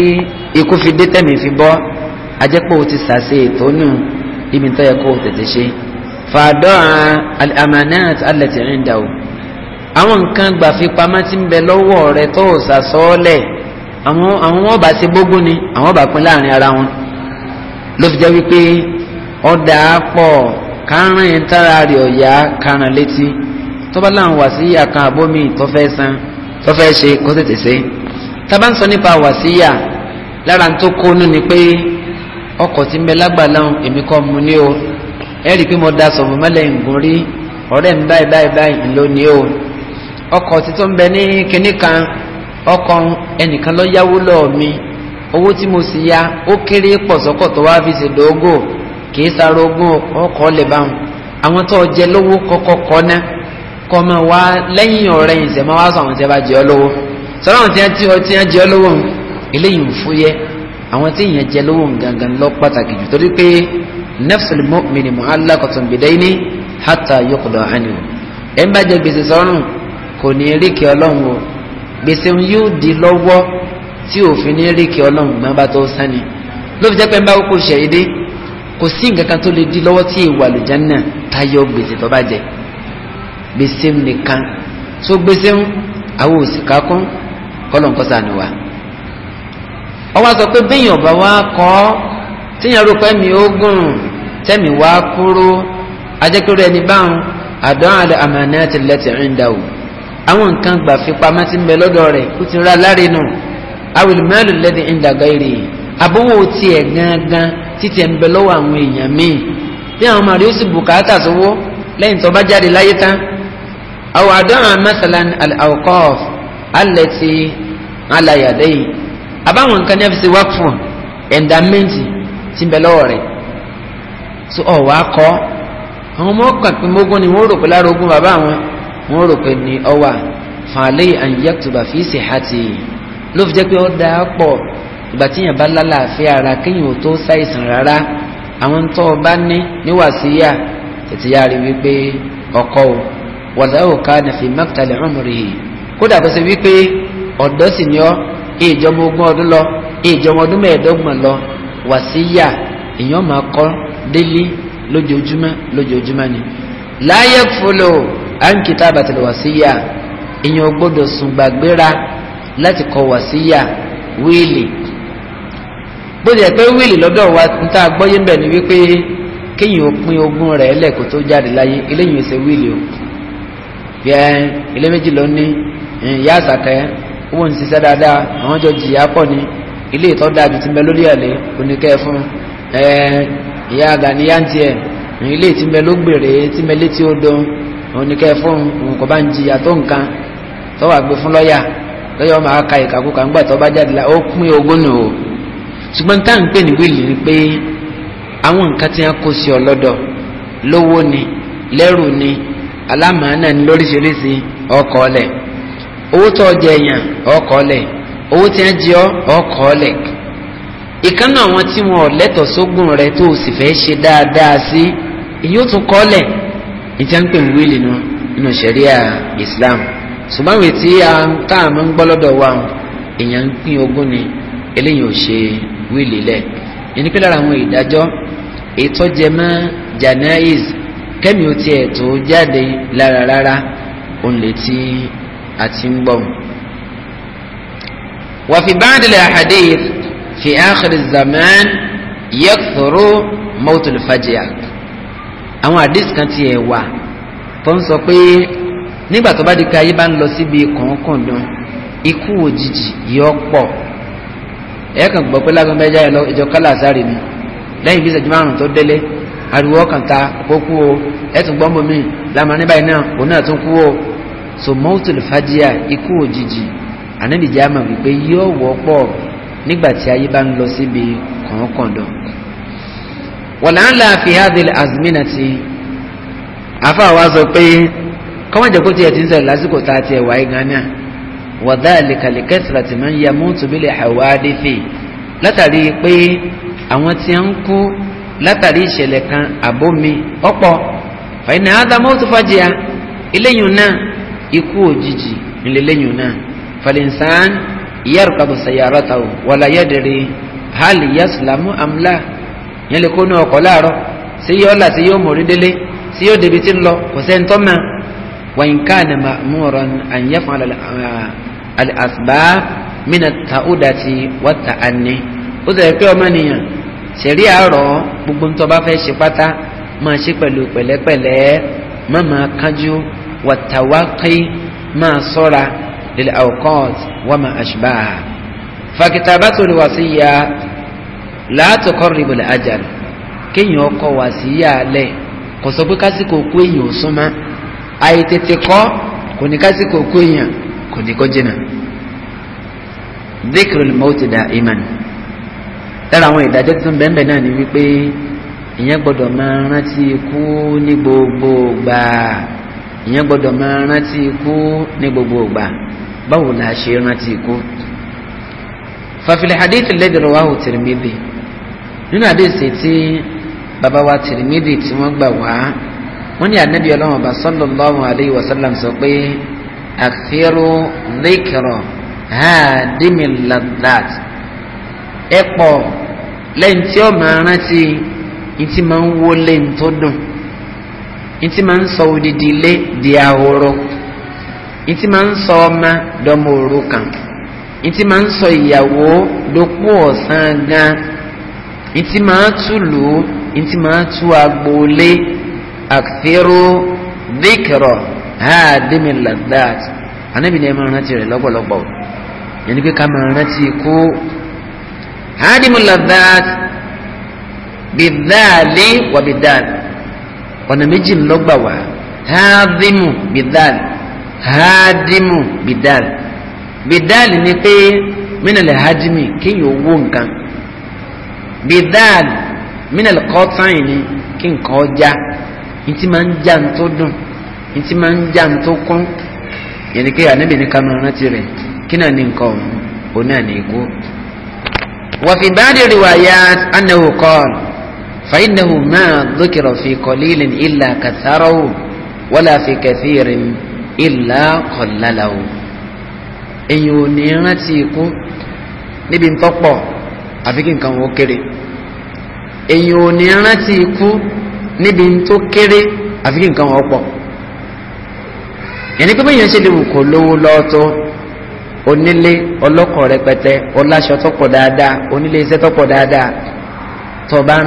Speaker 1: ikú fi dé tẹ̀mí fi bọ́ ajẹ́pọ̀ o ti sàṣe ètò nù ibi tó yẹ kó o tètè ṣe fàdọ́ràn alamanat allati indahu àwọn nǹkan gbàfipamọ́ ti ń bẹ lọ́wọ́ rẹ tó o sàsọ́ọ́lẹ̀ àwọn àwọn ọba ti gbógun ni àwọn ọba pín láàrin ara wọn ló fi jẹ́ wípé ọ̀dà pọ̀ kárìn tára rẹ̀ ọ̀yá kárìn létí tọ́ba láwọn wàsíyà kan àbómi tọ́fẹ́ san tọ́fẹ́ ṣe kó tètè ṣe tábà ń sọ nípa wàsíyà lára tó kónú ni pé ọkọ̀ tí ń bẹ lágbàlá èmi kọ́ mu ní o ẹ rí i pé mo da sọ̀rọ̀ mọ́lẹ̀ ǹgùn rí ọ̀rẹ́ mi báyìí báyìí báyìí ńlọ ní o ọkọ̀ tí tó ń bẹ ní kinní kan ọkọ̀ ẹnìkan lọ yáwó lọ́ọ̀ mi owó tí mo sì ya ó kéré pọ̀ sọ́kọ̀ tó wá fi ṣèdógò kì í sáré ogún ọkọ̀ lè bá wọn àwọn tó jẹ lówó kọ́kọ́ kọ́ náà kọmọ wa lẹ́yìn ọ̀rẹ́ yìí sẹ́mọ́ wá sọ àwọn tí a bá jẹ́ ọ lówó sọ́dọ̀ àwọn tí a ti ọ tí a jẹ́ ọ lówó eléyìí ń fúyẹ́ àwọn tí èèyàn jẹ́ lówó gangan lọ pàtàkì jù torí pé nafsul mu'mini mu'allaqatun bidayni hatta yuqda anhu ẹ̀ ń bá jẹ gbèsè sọ́rùn kò ní eríkì ọlọ́run o gbèsè yóò di lọ́wọ́ tí òfin ní eríkì ọlọ́run gbọ́n bá tó sani ló fi jẹ́ pé ń bá kókó ṣẹ̀yìn dé kò sí nǹkan kan tó lè di lọ́wọ́ tí èèwà lùjánná tayọ gbèsè tó bá jẹ́ gbèsè nìkan so gbèsè ń àwọn òsìkà kún kọlọ̀ nǹkan sànù wa. ọwọ́ sọ pé bẹ́ẹ̀ yọ̀bá wa kọ́ tíyàn rò pé mi ó gùn tẹ́mi wá kúrò ajẹ́kúrò ẹni báwọn àdán àlẹ́ àmàlẹ́ àti lẹ́tì ẹ̀ńdà o àwọn nǹkan gbà fi pamọ́ ti ń bẹ lọ́dọ̀ rẹ̀ kó ti ra láre nù awìlì mẹ́lò ẹ̀ńdà gáírì àbúwò tiẹ̀ gángan títí ẹ̀ ń bẹ lọ́wọ́ àwọn èèyàn míì bí àwọn ọmọ rẹ̀ ó sì bùkátà sówó lẹ́yìn tó bá jáde láyé tán أو أضع مثلا الأوقاف التي على يديه àbáwọn nǹkan ní ẹ fi ṣe work phone ẹ̀ndàmẹ́ǹtì ti ń bẹ lọ́wọ́ rẹ̀ so ọ̀ wá kọ́ àwọn ọmọ ọkàn pé mógún ni wọ́n rò pé lára ogún bàbá wọn wọ́n rò pé ní ọwà fàlẹ́ àyẹ̀tùbà fi ṣe àti ló fi jẹ́ pé ó dáa pọ̀ ìgbà tí yàn bá lálàáfíà ara kéèyàn ò tó ṣàìsàn rárá àwọn tó o bá ní níwàásíyà tètè wàláwò na fi maqtal umrihi kódà kó ṣe wípé ọ̀dọ́ sì ni ọ́ ìjọba ogún ọdún lọ ìjọba ọdún mẹ́ẹ̀ẹ́dọ́gbọ̀n lọ wàsíyà èèyàn máa kọ́ délé lójoojúmọ́ lójoojúmọ́ ni. èèyàn gbọ́dọ̀ sùn gbàgbéra láti wíìlì bó ti yẹ pé wíìlì lọ́dọ̀ wa níta gbọ́yé ń bẹ̀ ni wípé kéèyàn pín ogún rẹ̀ lẹ́kọ̀ọ́ tó jáde láyé eléyìí o. pé ẹ ilé méjì ló ní ìyá àsàkẹ́ owó ń ṣiṣẹ́ dáadáa àwọn jọ jìyà pọ̀ ní ilé ìtọ́ dáa ju ti mẹ lórí ẹ̀lẹ́ oníkẹ́ fún ẹ ìyá àgàníyá ń tiẹ̀ ilé ti mẹ ló gbèrè ti mẹ létí odò oníkẹ́ fún nǹkan bá ń jìyà tó nǹkan tó wà gbé fún lọ́ọ̀yà lọ́ọ̀yà ọmọ aka ìkàkùkà ńgbà tó bá jáde la ó pín ogún nù o ṣùgbọ́n tá à ń pè ní wíìlì ni pé àwọn nǹkan tí wọ́n kó sí ọ lọ́dọ̀ lówó ni lẹ́rù ni alámàánà ní lóríṣiríṣi ọkọ̀ ọ̀lẹ̀ owó tó jẹ èèyàn ọkọ̀ ọ̀lẹ̀ owó tí wọ́n jẹ ọ́ ọkọ̀ ọ̀lẹ̀ ìkànnà àwọn tí wọn ò lẹ́tọ̀ọ́ sógùn rẹ tó o sì fẹ́ ṣe dáadáa sí èyí ó tún kọ́ ọ̀lẹ̀ ìjà ń pè ń wíìlì nu nínú ṣẹ̀ríà Islam ṣùgbọ́n àwọn ètí táàmù ń gbọ́ lọ́dọ̀ wa èèyàn ń pín ogún ni eléyìí ò ṣe wíìlì lẹ̀ yẹn àwọn ìdájọ́ ètò jẹmọ́ janaiz kẹ́mi ó tiẹ̀ tó jáde lára rárá lè ti àti ń bọ̀. وفي بعض الأحاديث في آخر الزمان يكثر موت الفجأة àwọn àdìs kan ti ẹ̀ wà tó ń sọ pé nígbà tó bá di ka ayé bá ń lọ síbi kọ̀ọ̀kọ̀ọ̀dán ikú òjijì yọ pọ̀ ẹ̀ gbọ́ pé lágbọ́n bẹ́ẹ̀ jáde lọ ìjọ kálá sáré mi lẹ́yìn bí ìṣẹ́jú márùn-ún tó délé ariwo ọkàn ta kó kú o ẹtù gbọ́mọ mi lamọ ní báyìí náà òun náà tún kú o so mọ́tòlù fàdíà ikú òjijì ànábìjẹ́ àmọ̀ wípé yóò wọ́pọ̀ nígbà tí ayé bá ń lọ síbi kọ̀ọ̀kọ̀dọ̀ wọ̀lá ńlá fi hadil azmina ti afa wa sọ pé kọ́mọ̀jẹ̀ kó tiẹ̀ ti ń sọ̀rọ̀ lásìkò tá a tiẹ̀ wáyé gánà wọ̀dà àlìkàlìkẹ́sìlá ti máa ń ya mọ́tòbílẹ̀ àwáàdé fè látàrí pé àwọn tí ń kú látàrí ìṣẹ̀lẹ̀ kan àbómi ọ̀pọ̀ fàyínà ádámọ́ tó fàjìyà eléyìí náà ikú òjijì ńlẹ́lẹ́yìn náà fàlẹ́nsán yarkabu sayaratahu wala yadri hal yaslamu amla yẹn lè kó ní ọkọ̀ láàárọ̀ sí yóò là sí yóò mórí délé sí yóò débi tí ń lọ kò sẹ́ńtọ́ máa وإن كان مأمورا أن يفعل الأسباب من التعودة والتأني ó dẹ̀ pé ṣẹ̀rí àárọ̀ gbogbo nítorí bá fẹ́ ṣe pátá máa ṣe pẹ̀lú pẹ̀lẹ́pẹ̀lẹ́ má máa kánjú wàtàwákì máa sọ́ra lil awqat wa ma ashbaha. fakitabatul wasiya la tuqarribul ajal kéèyàn ọkọ̀ wàsíyà lẹ̀ kò sọ pé kásìkò kú èèyàn ò súnmọ́ àìtètè kọ́ kò ní kásìkò kú èèyàn kò ní kó jìnnà. dhikrul mawti da'iman lára àwọn ìdájọ́ tó ń bẹ́ẹ̀ náà ni wípé ìyẹn gbọ́dọ̀ máa rántí ikú ní gbogbo gbà ìyẹn gbọ́dọ̀ máa rántí ikú ní gbogbo gbà báwo la ṣe rántí ikú. fàfilẹ hadith alladhi rawahu Tirmidhi nínú àdéhùn tí bàbá wa Tirmidhi tí wọ́n gbà wá wọ́n ní anabi ọlọ́wọ́n bá sallallahu alayhi wa sallam sọ pé akthiru dhikra hadimi ladhat. ɛkpɔ lɛ nti o maara ara si nti maa ń wo lɛ nto dùn nti maa ń sɔ odidi lɛ di ahoro nti maa ń sɔ ɔma dɔmɔ oru kan nti ma ń sɔ ìyàwó dokpo ɔsán gã nti maa tu lu nti maa tu agboolé akfero dikiro haa dimi ladat anabi ní ɛmaa ara ti rɛ lɔbɔlɔbɔ yanni pé ká maa ara ti kú. hadimu ladat bidaali wa bidaali ọ̀nà méjì ńlọ́gbà wá hadimu bidaali hadimu bidaali bidaali ni pé minale hadimi kéèyàn owó nǹkan bidaali minale kọ́tàn ni kí nǹkan ọjà ntí máa ń já ntó dùn ntí máa ń já ntó kún yẹn ni pé ànábìíní kanu rántí rẹ̀ kí náà ní nǹkan òun òun náà ní ikú. وفي بعض الروايات أنه قال فإنه ما ذكر في قليل إلا كثره ولا في كثير إلا قلله èyàn ò ní rántí ikú níbi ntọ́pọ̀ àfi kí nǹkan wọ́n kéré èyàn ò ní rántí ikú níbi tó kéré àfi kí nǹkan wọ́n pọ̀ yẹn ni pé bẹ́ẹ̀ yẹn ṣe lè wù kó lówó lọ́ọ́tọ́ onílé ọlọ́kọ̀ rẹpẹtẹ ọláṣọ tọ́pọ̀ dáadáa onílé iṣẹ́ tọ́pọ̀ dáadáa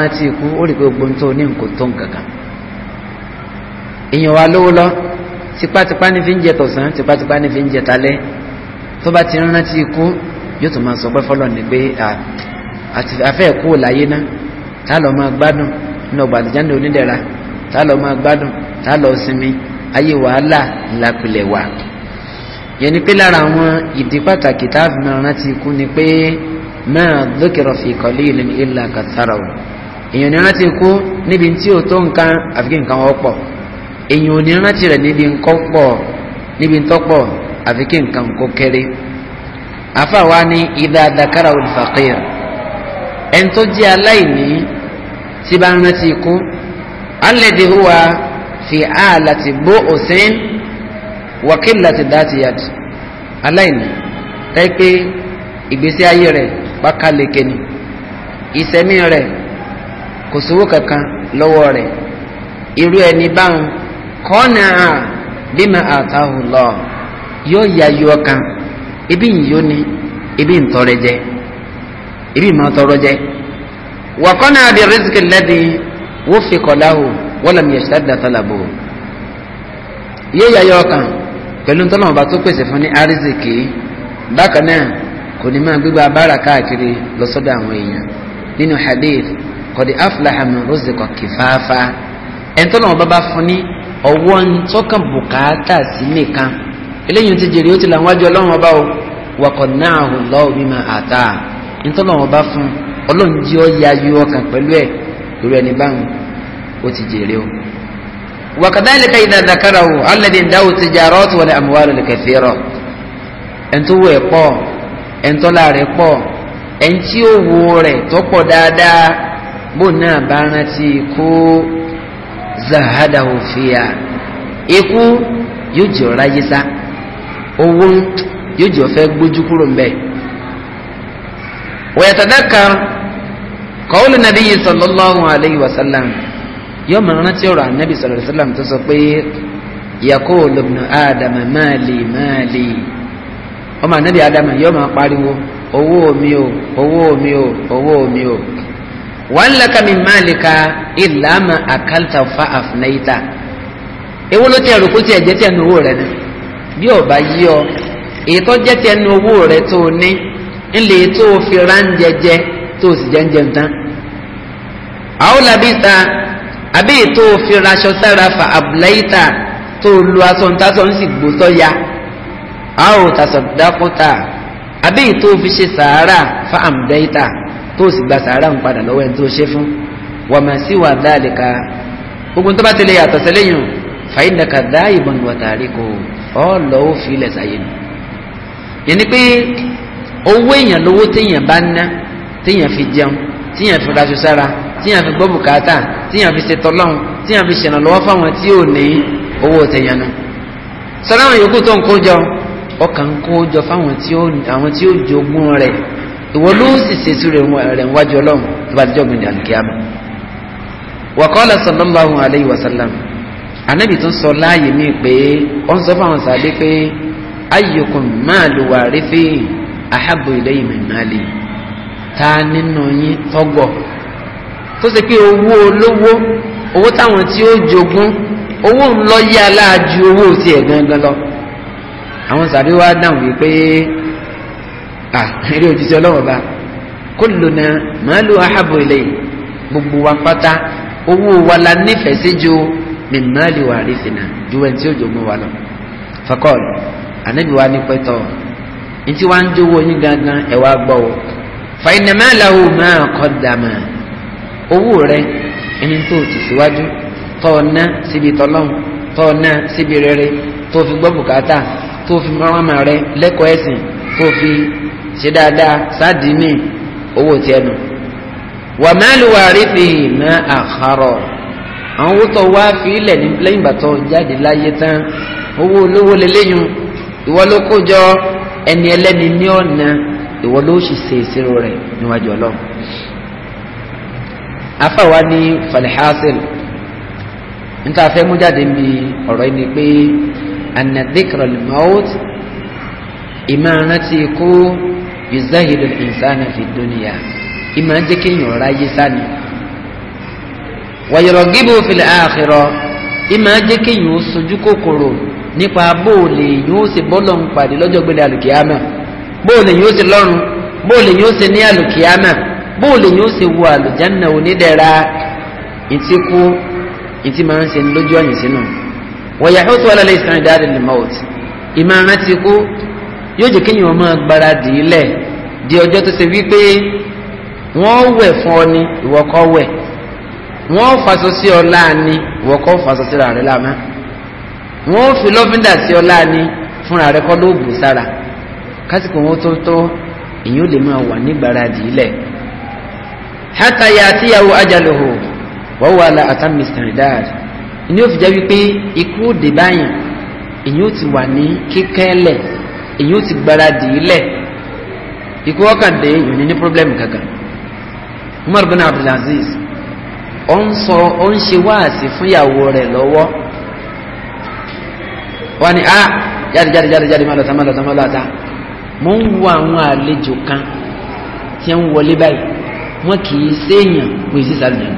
Speaker 1: rántí ikú ó rí pé gbogbo ń tó ní nǹkan tó ń èèyàn wa lówó lọ tipátipá ní fi ń jẹ tọ̀sán tipátipá fi ń jẹ talẹ́ ti rántí ikú yóò tún máa sọ pé fọlọ́ ni pé àfẹ́ kú láyé ná tá lọ máa gbádùn nínú ọgbà àdìjáde onídẹ̀ra tá máa gbádùn tá sinmi ayé wàhálà yẹn ni pé lára àwọn ìdí pàtàkì tá a fi máa rántí ikú ni pé máa dhukira fi qalilin illa katharahu èèyàn ní rántí ikú níbi tí ò tó nǹkan àfi kí nǹkan wọ́n pọ̀ èèyàn ò ní rántí rẹ̀ níbi nǹkan pọ̀ níbi tó pọ̀ àfi kí nǹkan kó kéré afa wa ni idha dhakarahu al-faqir aláìní tí bá rántí ikú alladhi huwa fi aalati bu'sin wàkìlá ti dáàtì yàtì aláìní ẹ pé ìgbésí ayé rẹ̀ pákáleke ni ìsẹ̀mí rẹ̀ kò sówó kankan lọ́wọ́ rẹ̀ irú ẹni báwọn kọ́nà á bímọ àtàwọn lọ yóò yá yọ kan ibi yìí ni ibi ntọrọ jẹ ibi ìmọ̀ tọrọ jẹ wàkọ́nà àbí rìsíkì lẹ́dí wọ́n fi kọ̀ láhùn wọ́n lọ́mìí ẹ̀ṣẹ́ dàtọ́ làbò yóò yá yọ kan pẹ̀lú tọ́lọ́mù bá tó pèsè fún ní àrísìkì bákan náà kò ní máa gbígba bára káàkiri lọ àwọn èèyàn nínú hadith kọ̀dí afúláhàmù rọ́sìkọ̀ kìfáfá ẹ̀ tọ́lọ́mù bá bá fún ní ọwọ́ ntọ́kàn bùkátà sí nìkan eléyìí ti jèrè ó ti làwájú ọlọ́run ọba o wakọ̀ náà hù lọ́wọ́ mímọ àtà ntọ́lọ́run ọba fún ọlọ́run jí ọ yá yú ọkàn pẹ̀lú ẹ̀ lórí ẹni báwọn ó ti jèrè o. وكذلك إذا ذكره الذي عنده التجارات والأموال الكثيرة ẹni tó wẹ̀ pọ̀ ẹni tó láre pọ̀ ẹni tí owó rẹ̀ tó pọ̀ dáadáa bó náà bá rántí ikú zahadahu fiya ikú yóò jẹ́ ọ̀rá yé sá owó yóò jẹ́ ọ̀fẹ́ gbójú kúrò ń bẹ̀. ويتذكر قول النبي صلى الله عليه وسلم yóò máa rántí ọ̀rọ̀ anabi sallallahu alaihi wasallam tó sọ pé yaqulu ibnu ádámà máàlì máàlì ọmọ anabi ádámà yóò máa pariwo owó mi o owó mi o owó mi o wọn laka mi malika ìlànà àkàlta fa àfúnáyìta ewu ló tẹ ẹrùkú tí ẹ jẹ tẹ ẹnu owó rẹ ni bí ọba yí ọ èyí jẹ tẹ ẹnu owó rẹ tó ní ńlẹ tó fi ránjẹ jẹ tó sì jẹ ń jẹun tán àwọn làbí ta àbí ètò òfin raṣọ sára fa abúláyítà tó lu aṣọ ntásọ ń sì gbó sọ́ya a ò tàṣọ dákúta àbí ètò òfin sàárà fa àmúdáyítà tó sì gba sàárà ń padà lọ́wọ́ ẹni tó ṣe fún wàmà sí wà dáàlìka gbogbo tó bá tẹ̀lé yàtọ̀ sẹ́lẹ̀yìn fàyínàkà dá ìbọn ìwà tààrí kò ọ́ lọ́wọ́ fi ilẹ̀ sáyé nù yẹn ni pé owó èèyàn lówó téèyàn bá ná téèyàn fi jẹun téèyàn fi raṣọ sára tíyàn fi gbọ́ bùkátà tíyàn fi ṣètò lọ́hùn tíyàn fi ṣèrànlọ́wọ́ fáwọn tí ò ní owó tẹ̀yànnà sọ́dọ̀ àwọn yòókù tó ń kó jọ ọkàn ń kó jọ fáwọn tí ó jogún rẹ̀ ìwọ ló sì ṣètò rẹ̀ wájú ọlọ́run tó bá jọ́ gbìyànjú àlùkìyàmù. wa qala sallallahu alayhi wa sallam anabi tó ń sọ láàyè mí pé ó ń sọ fáwọn sàdé pé ayyukum malu warithi ahabbu ilayhi min mali ta nínú yín tọ́gbọ̀ tó ṣe pé owó olówó owó táwọn tí ó jogún owó ń lọ yí aláàjú owó tiẹ̀ gangan lọ àwọn sàbí wa dáhùn wípé à eré òjíṣẹ́ ọlọ́wọ́ bá kulluna malu ahabu ilay gbogbo wa pátá owó wa la nífẹ̀ẹ́ sí ju min mali warithina ju ẹni tí ó jogún wa lọ fakọ́ọ̀lù ànábì wa ní pẹ́tọ́ ntí wa ń jówó yín gangan ẹ̀ wá gbọ́ o fa inna malahu ma qaddama owó rẹ ẹni tó ti síwájú tọ́ ọ ná síbi tọ́lọ́hún tọ́ ọ ná síbi rere tó fi gbọ́ bùkátà tó fi mọ́rànmọ́ rẹ lẹ́kọ̀ọ́ ẹ̀sìn tó fi ṣe dáadáa sáàdì ní owó tiẹ̀ nù. wà má lu wàrífì má àkàrọ̀ àwọn owó tó wá fi ilẹ̀ ní lẹ́yìn bàtọ́ jáde láyé tán owó olówó lélẹ́yìn ìwọ ló kó jọ ẹni ẹlẹ́ni ní ọ̀nà ìwọ ló sì ṣe ìṣirò rẹ̀ níwájú ọlọ́run afáwa ní falhasil níta fẹ́ mú jáde mi ọ̀rọ̀ yìí ni pé anadikra al-maut ìmọ̀ arántí kó yuzahidu al-insana fi dunya ìmọ̀ jẹ́ kéèyàn ráyé sáni wàyọ̀rọ̀gíbò fìlẹ̀ àkìrọ̀ ìmọ̀ jẹ́ kéèyàn sojú kòkòrò nípa bóòlè yóò ṣe bọ́lọ̀ ń pàdé lọ́jọ́ gbélé alùkìyàmà bóòlè yóò ṣe lọ́run bóòlè yóò ṣe ní alùkìyàmà bóòlù yóò ṣe wo àlùjáná onídẹ̀ra ìtì kú ìtì máa ń ṣe lójú ọ̀yìn sínú wọ̀yà ó tó wà lálẹ́ ìsìn ìdáàdì ní mọ́ọ̀t ìmọ̀ràn ti kú yóò jẹ́ kéèyàn máa gbáradì ilẹ̀ di ọjọ́ tó ṣe wípé wọ́n wẹ̀ fún ọ ní ìwọ́kọ́ wẹ̀ wọ́n faṣọ sí ọ láàní ìwọ́kọ́ faṣọ sí ràrẹ́ lámá wọ́n fi lọ́fíńdà sí ọ láàní fúnra rẹ̀ kọ́ ló bù sára kásìkò wọn tó tó èyí lè máa wà nígbàradì ilẹ̀ hátà yà àti ìyàwó ajaluhu wọ́n wà lá àtàmì standard ni ó fi jẹ́ wípé ikú òde báyìí èyí ó ti wà ní kíkẹ́lẹ̀ èyí ó ti gbáradì ilẹ̀ ikú ọkàndé yìí ní ní pírọ́blẹ́mù kankan Umar bin Abdulaziz ó ń sọ ó ń ṣe wáàsí fún ìyàwó rẹ̀ lọ́wọ́ wọ́n ní ah jáde jáde jáde jáde má lọ́ta má lọ́ta ń wo àwọn àlejò kan tí ń wọlé báyìí wọn kì í séèyàn wọn sì sàlùyàn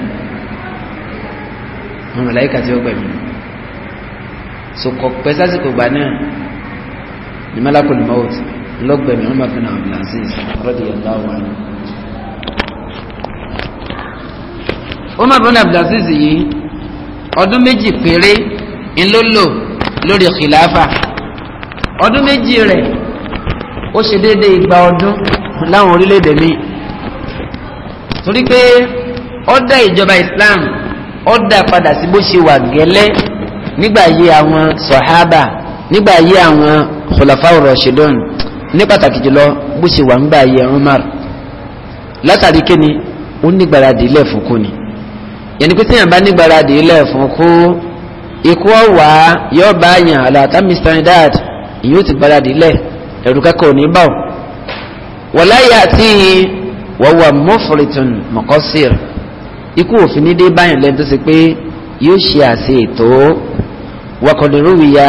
Speaker 1: wọn mọ̀láyíkà tí ó gbẹ̀mí sọkọ pẹ́ sásìkò gbà náà ní malakul maut lọ́gbẹ̀mí wọn máa fi náà abdulaziz radiyallahu anhu. ó máa fi náà abdulaziz yìí ọdún méjì péré ńlọ́lọ́ lórí khilafa ọdún méjì rẹ̀ ó ṣe déédéé igba ọdún láwọn orílẹ̀-èdè míì torí pé ọ̀dà ìjọba Islam ọ̀dà padà sí bó ṣe wà gẹ́lẹ́ nígbà yí àwọn sọ̀hábà nígbà yí àwọn khulafau rashidun ní pàtàkì jùlọ bó ṣe wà ńgbà yí Umar látàrí kíni ó nígbàradì ilẹ̀ fún kú ni yẹnni pé tíyànbá nígbàradì ilẹ̀ fún kú ikú ọ̀wà yóò bá yàn àlàtàmì standard ìyóò ti gbàradì ilẹ̀ ẹ̀rù kẹ́kọ̀ọ́ ní báwò wọ̀láyà tí wọ́wọ́ mọ́fọ́rìtún mọ́kọ́sìr ikú òfin ní dé báyìí lẹ́nu tó ṣe pé yóò ṣe àṣe ètò wakọ̀dùrúwìyà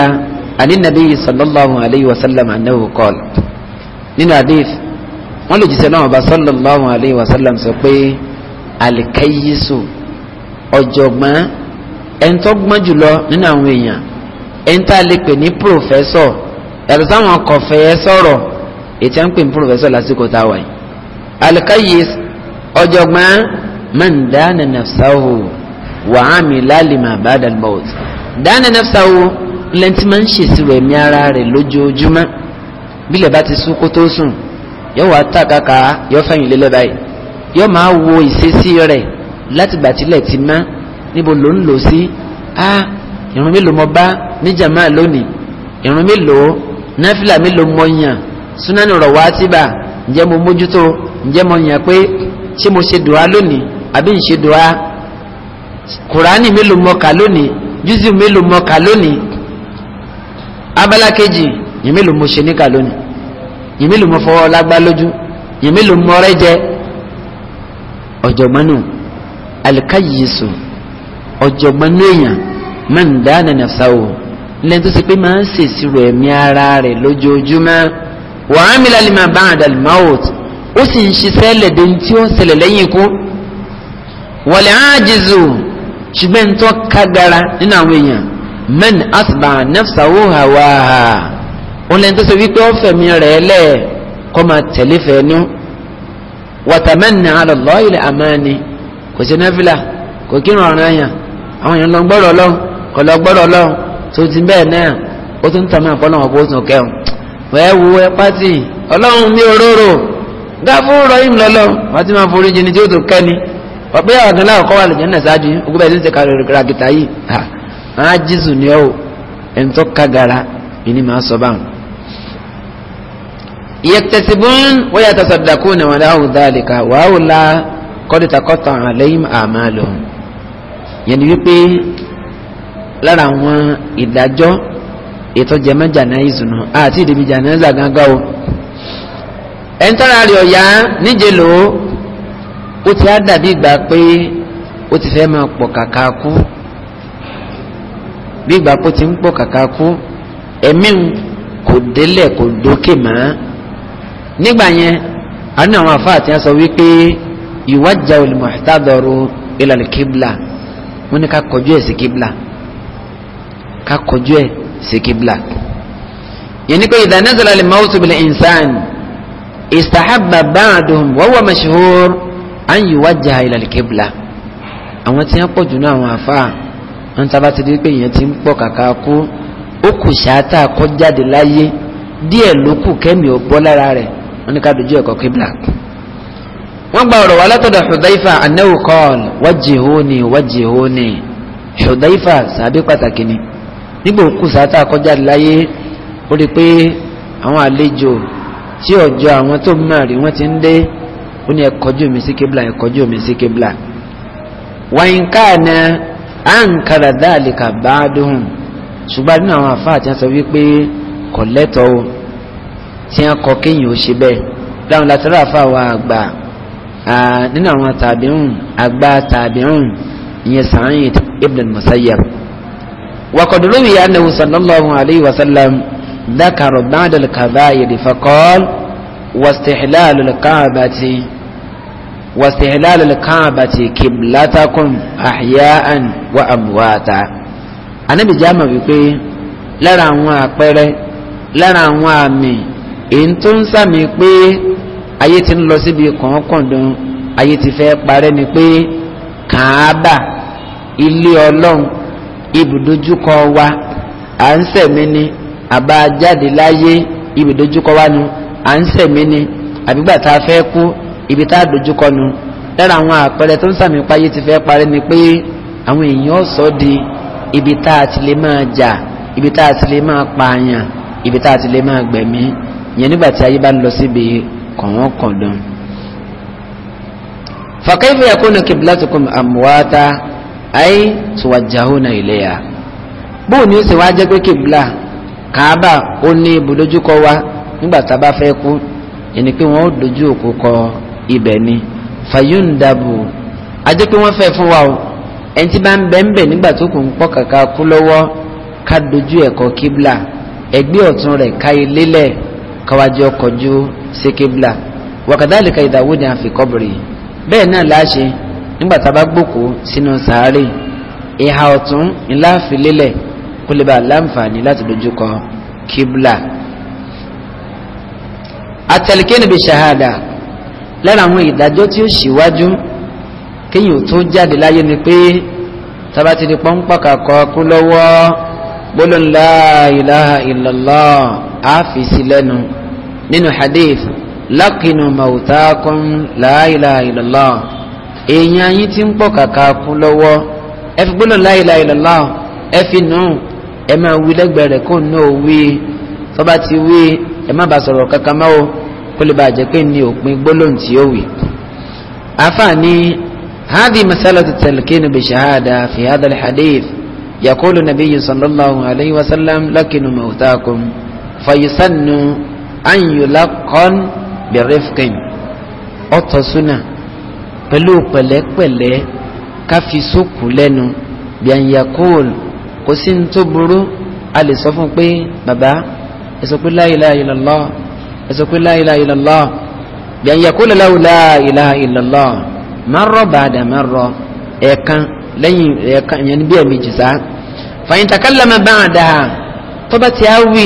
Speaker 1: ànínàbí sallallahu alayhi wa sallam anahu kọ́l nínú hadith wọ́n lè jíṣẹ́ náà bá sallallahu alayhi wa sallam sọ pé alikayisu ọ̀jọ̀gbọ́n ẹni tó gbọ́n jùlọ nínú àwọn èèyàn ẹni tá a lè pè ní pòfẹ́sọ̀ yàtọ̀ sáwọn kọ̀fẹ́ sọ̀rọ̀ ètí à ń pè ní pòfẹ́sọ̀ lásìkò táwa yìí alikayis ọ̀jọ̀gbọ́n man dáná nafsahu wa amila lima ba'dal maut dáná nafsahu lẹ́ntì máa ń ṣèṣirò ẹ̀mí ara rẹ̀ lójoojúmọ́ bílẹ̀ bá ti sún kó tó sùn yóò wá tàkàkà yóò fẹ̀yìn lélẹ̀ báyìí yóò máa wo ìṣesí rẹ̀ láti gbàtílẹ̀ ti má níbo ló ń lò sí a ìrun mélòó mo bá níjàmá lónìí ìrun mélòó náfìlà mélòó mo yàn súnánì rọ̀ wá tíbà ǹjẹ́ mo mójútó ǹjẹ́ mo yàn pé ṣé mo ṣe dùá lónìí àbí ń ṣe dùá kùránì mélòó mo kà lónìí júzù mélòó mo kà lónìí abala kejì yẹn mélòó mo ṣe níkà lónìí yẹn mélòó mo fọwọ́ lágbá lójú yẹn mélòó mo rẹ́ jẹ ọ̀jọ̀gbọ́nù alikayisu ọ̀jọ̀gbọ́nù èèyàn máa ń dáná nàfsáwò lẹ́yìn tó ṣe pé máa ń ṣèṣirò ẹ̀mí ara rẹ̀ lójoojúmọ́ wàhámi lálẹ́ máa bá àdàlùmáwòtì ó sì ń ṣiṣẹ́ lẹ̀dẹ̀ tí ó ṣẹlẹ̀ lẹ́yìn ikú wọ̀lẹ̀ ájìzù ṣùgbọ́n tó kágara nínú àwọn èèyàn men asba nafsahu hawaha ó lẹ́ni tó ṣe wípé ó fẹ̀mí rẹ̀ lẹ̀ kọ́ máa tẹ̀lé fẹ́ẹ́nu wàtàmẹ́nì alọ́lọ́ ilẹ̀ àmọ́ni kò ṣe nẹ́fìlà kò kírun ọ̀ràn àyàn àwọn èèyàn lọ gbọ́dọ̀ ọlọ́run kò lọ gbọ́dọ̀ ọlọ́run tó ti bẹ́ẹ̀ náà ó tún tàmí àpọ́lọ́wọ́n bó tún kẹ́hùn wẹ́ẹ́ wo ẹ pátì ọlọ́run ní gáfúrú rọyìn lọ́lọ́ wọ́n ti máa forí jìnnì tí ó tó kẹ́ni ọ̀pẹ́ àwọn kan láwọn wà lójú ẹ̀nà ṣáájú ogun ń ṣe kárò ràgìtà yìí ha wọ́n á jísù ní ọ́ ẹni tó kágara ìní máa sọ báwọn. yẹtẹsibún wọ́n yàtọ̀ sọ̀dàkú ní wọn láwùn dáàlìkà wàáwù la kọ́dìtàkọ́tọ̀ àlẹ́yìn àmà lọ. yẹn ni wípé ẹ̀ńtọ́ra rẹ̀ ọ̀yá níje lò ó ó ti á dàbí ìgbà pé ó ti fẹ́ máa pọ̀ kàkà kú bí ìgbà pé ó ti ń pọ̀ kàkà kú ẹ̀mí kò délẹ̀ kò dókè mọ́ nígbà yẹn a ní àwọn àfáà tí wọ́n wípé ìwájà olùmọ̀tàdọ̀rọ̀ ìlànà kíbla wọ́n ní ká kọjú ẹ̀ sí kíbla ká kọjú ẹ̀ sí kíbla yẹn ni pé ìdáná sọ̀rọ̀ àlè máa ń sọ̀rọ̀ ìnsáàni istahabba ba'duhum wa huwa mashhur an yuwajjaha ila al-qibla àwọn tí wọ́n pọ̀ jù náà àwọn àfáà wọn tá a bá ti di pé èèyàn ti ń pọ̀ kàkà kú ó kù ṣáátà kó jáde láyé díẹ̀ ló kù kẹ́mi ò bọ́ lára rẹ̀ wọn ní ká dojú ẹ̀kọ́ kíbla. wọ́n gba ọ̀rọ̀ wá látọ̀dọ̀ Hudhaifa annahu qala wajjihuni wajjihuni Hudhaifa sàbí pàtàkì ni nígbà òkú ṣáátà kó jáde láyé ó rí pé àwọn àlejò tí ọjọ́ àwọn tó máa rí wọ́n ti ń dé ó ní ẹ̀kọ́jú mi sí kébìlà ẹ̀kọ́jú mi sí kébìlà. wàyín káàna à ń kára dáàlìkà bá a dùn ṣùgbọ́n nínú àwọn àfáà tí wọ́n wípé kò lẹ́tọ̀ọ́ tí wọ́n kọ kéèyàn ó ṣe bẹ́ẹ̀ láwọn látara àfáà wa àgbà nínú àwọn tàbíùn àgbà tàbíùn ìyẹn Sa'id ibn Musayyab. wàkọ̀dúró wíyá annahu sallallahu alayhi wa sallam ذكر بعد الكبائر فقال واستحلال الكعبة واستحلال الكعبة قبلتكم أحياء وأمواتا Ànábì jama wípé lára àwọn àpẹẹrẹ lára àwọn àmì èyí tó ń sàmì pé ayé ti ń lọ síbi kọ̀ọ̀kọ̀dùn ayé ti fẹ́ parẹ́ ni pé kàábà ilé ọlọ́run ibùdójúkọ wa à ń sẹ̀mí ni àbá jáde láyé ibi dojúkọ wá nu à ń sẹ̀mí ni àbígbà tá a fẹ́ kú ibi tá a dojúkọ nu lára àwọn àpẹẹrẹ tó ń sàmì páyé ti fẹ́ parí ni pé àwọn èèyàn sọ di ibi tá a ti lè máa jà ibi tá a ti lè máa pààyàn ibi tá a ti lè máa gbẹ̀mí yẹn nígbà tí ayé bá ń lọ síbi kọ̀wọ́nkọ̀dán. fa kayfa yakunu qiblatukum amwata ay tuwajjahuna ilayha bóun ni ó sì wá jẹ́ pé kìbìlà kàábà ó ní ibùdójúkọ wa nígbà tá a bá fẹ́ kú ẹni pé wọ́n ó dojú òkú kọ ibẹ̀ ni fayundabu ajẹ́ pé wọ́n fẹ́ fún wa o ẹni tí bá ń bẹ́ ń bẹ̀ nígbà tó kù ń pọ̀ kàkà kú lọ́wọ́ ká dojú ẹ̀kọ́ kíbla ẹgbẹ́ ọ̀tún rẹ̀ ká ilélẹ̀ káwájú ọkọ̀jú sí kíbla wàkàdálìkà ìdáwó ni a fi kọ́bìrì bẹ́ẹ̀ náà láṣẹ nígbà bá gbòkó sínú sàárè ìhà ọ̀tún ńlá fi lélẹ̀ kó lè bá láǹfààní láti dojúkọ kíbla àtẹ̀lékẹ́ni bíi ṣahada lára àwọn ìdájọ́ tí ó ṣíwájú kéèyàn tó jáde láyé ni pé tabati di pọ́npọ́ kakọ́ kú lọ́wọ́ gbólóhùn la ilaha illallah àfìsí lẹ́nu nínú hadith lákìnnù màwùtákùn la ilaha illallah ti ń pọ̀ kàkà kú lọ́wọ́ ẹ ẹ máa wí lẹ́gbẹ̀ẹ́ rẹ̀ kó ní òwe tọ́ba ti wí ẹ má bàa sọ̀rọ̀ kankan mọ́ o kó lè bàa jẹ́ pé ní òpin gbólóhùn tí ó wì. àfààní hadi masalatu talqin bi shahada fi hada alhadith yaqulu nabiyyu sallallahu alayhi wa sallam lakinu mawtakum fayusannu an yulaqan bi rifqin ọtọ súnà káfi sókù lẹ́nu bí an kò sí ní tó burú a lè sọ fún un pé bàbá ẹ sọ pé la ilaha illallah ẹ sọ pé la ilaha illallah bí an yaqula lahu la ilaha illallah marra ba'da marra ẹ̀ẹ̀kan lẹ́yìn ẹ̀ẹ̀kan yẹn bí ẹ̀ẹ̀mejì sá fa in takallama ba'daha tó bá ti á wí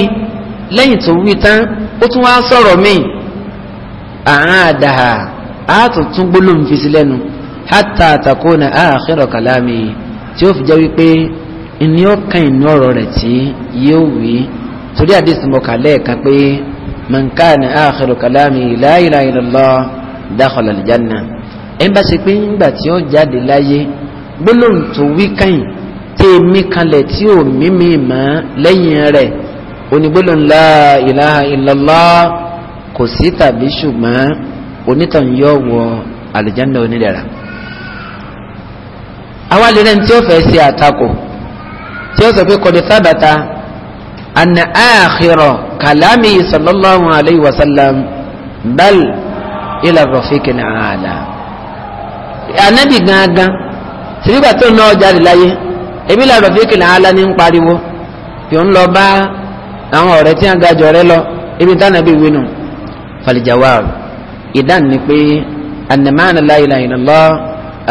Speaker 1: lẹ́yìn tó wí tán ó tún wá sọ̀rọ̀ míì àádáha àtúntún gbólóhùn fi sí lẹ́nu hátà àtàkùn náà àkhira kalami tí ó fi jẹ́ wípé ìní ọkàn ìní ọ̀rọ̀ rẹ̀ tí yóò wí torí àdìsí mọ̀ká lẹ́ẹ̀kan pé man kana akhiru kalami la ilaha illallah dakhala aljanna ẹ̀ń bá ṣe pé ńgbà tí ó jáde láyé gbólóhùn tó wí káyìn tẹ́ mí kalẹ̀ tí ò mímí mọ́ lẹ́yìn rẹ̀ onígbólóhùn la ilaha kò sí tàbí ṣùgbọ́n onítàn yóò wọ aljanna onídẹ̀ra. àwa lè rẹ́ni tí ó fẹ́ ṣe àtakò tí ó sọ pé kọ́ni sábàtà àna àkìrọ̀ kàlámì sallallahu alayhi wa sallam bal ilà rọ̀fíkì ní àlà. ànábì gangan síbígbà tó ná ọjà rẹ̀ láyé ebi ilà rọ̀fíkì ní àlà ní ń pariwo yóò ń lọ bá àwọn ọ̀rẹ́ tí wọ́n ga jọ rẹ lọ ibi tánàbí wínú falijawab ìdáhùn ni pé anamánà la ilaha illallah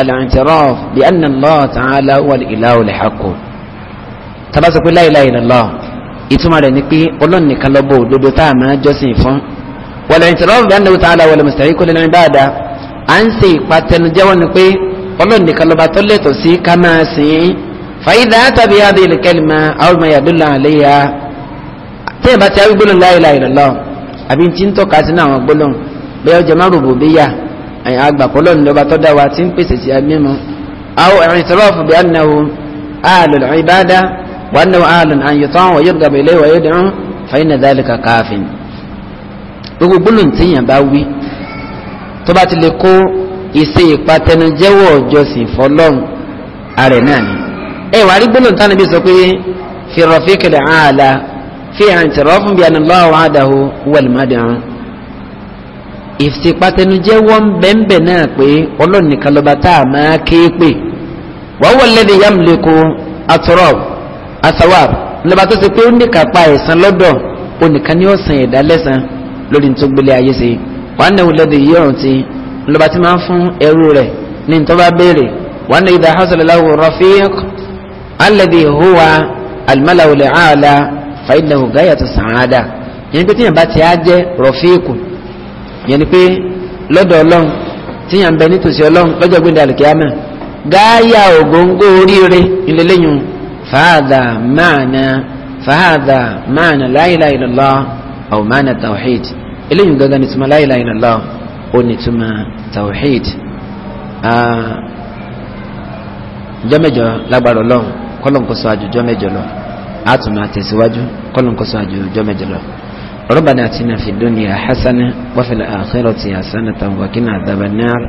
Speaker 1: al-i'tiraf bi anna Allah ta'ala wal ilahu al tàbá sọ pé la ilaha illallah ìtumọ̀ rẹ̀ ni pé ọlọ́run nìkan lọ́bọ̀ òdodo tá a máa jọ́sìn fún wal i'tiraf bi annahu ta'ala wal mustahiqu lil ibada à ń ṣe ìpàtẹnujẹ́wọ́ ni pé ọlọ́run nìkan lọ́ba tó lẹ́tọ̀ sí ká máa sìn ín fa àbí tí àwọn gbólóhùn bẹ́ẹ̀ ọjọ́ márùn rububiyya agbàpọ̀lọ́ àwọn i'tiraf وأنه أهل أن يطاع ويرغب إليه ويدعو فإن ذلك كاف gbogbo gbólóhùn téèyàn bá wí tó bá ti lè kó ìṣe ìpatẹnujẹ́wọ̀ ọ̀jọ̀sìn fọlọ́hùn ààrẹ náà ni. ẹ wàá rí gbólóhùn tánà bí sọ pé fi rafiqil aala fi i'tirafun bi anna Allaha wahdahu huwal mad'u. ìṣèpatẹnujẹ́wọ̀ ń bẹ́ńbẹ́ náà pé Ọlọ́hun nìkan lọ́ba tá a máa ké pè wa huwa alladhi yamliku atraf asawab lọba tó ṣe pé ó ní kápá ẹ̀san lọ́dọ̀ onìkan ní ó san ẹ̀dá lẹ́san lórí tó gbélé ayé ṣe wàá náà lọ́dọ̀ yìí ọ̀run ti lọba tí máa ń fún ẹrú rẹ̀ ní tó bá béèrè wàá náà idha hasala lahu rafiq alladhi huwa al-mala'u al-a'la fa innahu ghayatu sa'ada pé tíyàn ti á jẹ́ rọ̀fíìkù yẹn ni pé lọ́dọ̀ ọlọ́run tíyàn nítòsí ọlọ́run lọ́jọ́ gbẹ̀dẹ̀ àlùkìyàmẹ́ gáyà ògóńgó oríire ìlẹ́lẹ́yìn فهذا معنى فهذا معنى لا إله إلا الله أو معنى التوحيد إليه قد نتم لا إله إلا الله ونتم توحيد jọmẹjọ lágbára Ọlọ́run kọlọǹkọsọ àjò jọmẹjọ lọ àtùmọ̀ àtẹ̀síwájú kọlọǹkọsọ àjò jọmẹjọ lọ ربنا اتنا في الدنيا حسنة وفي الآخرة حسنة وقنا عذاب النار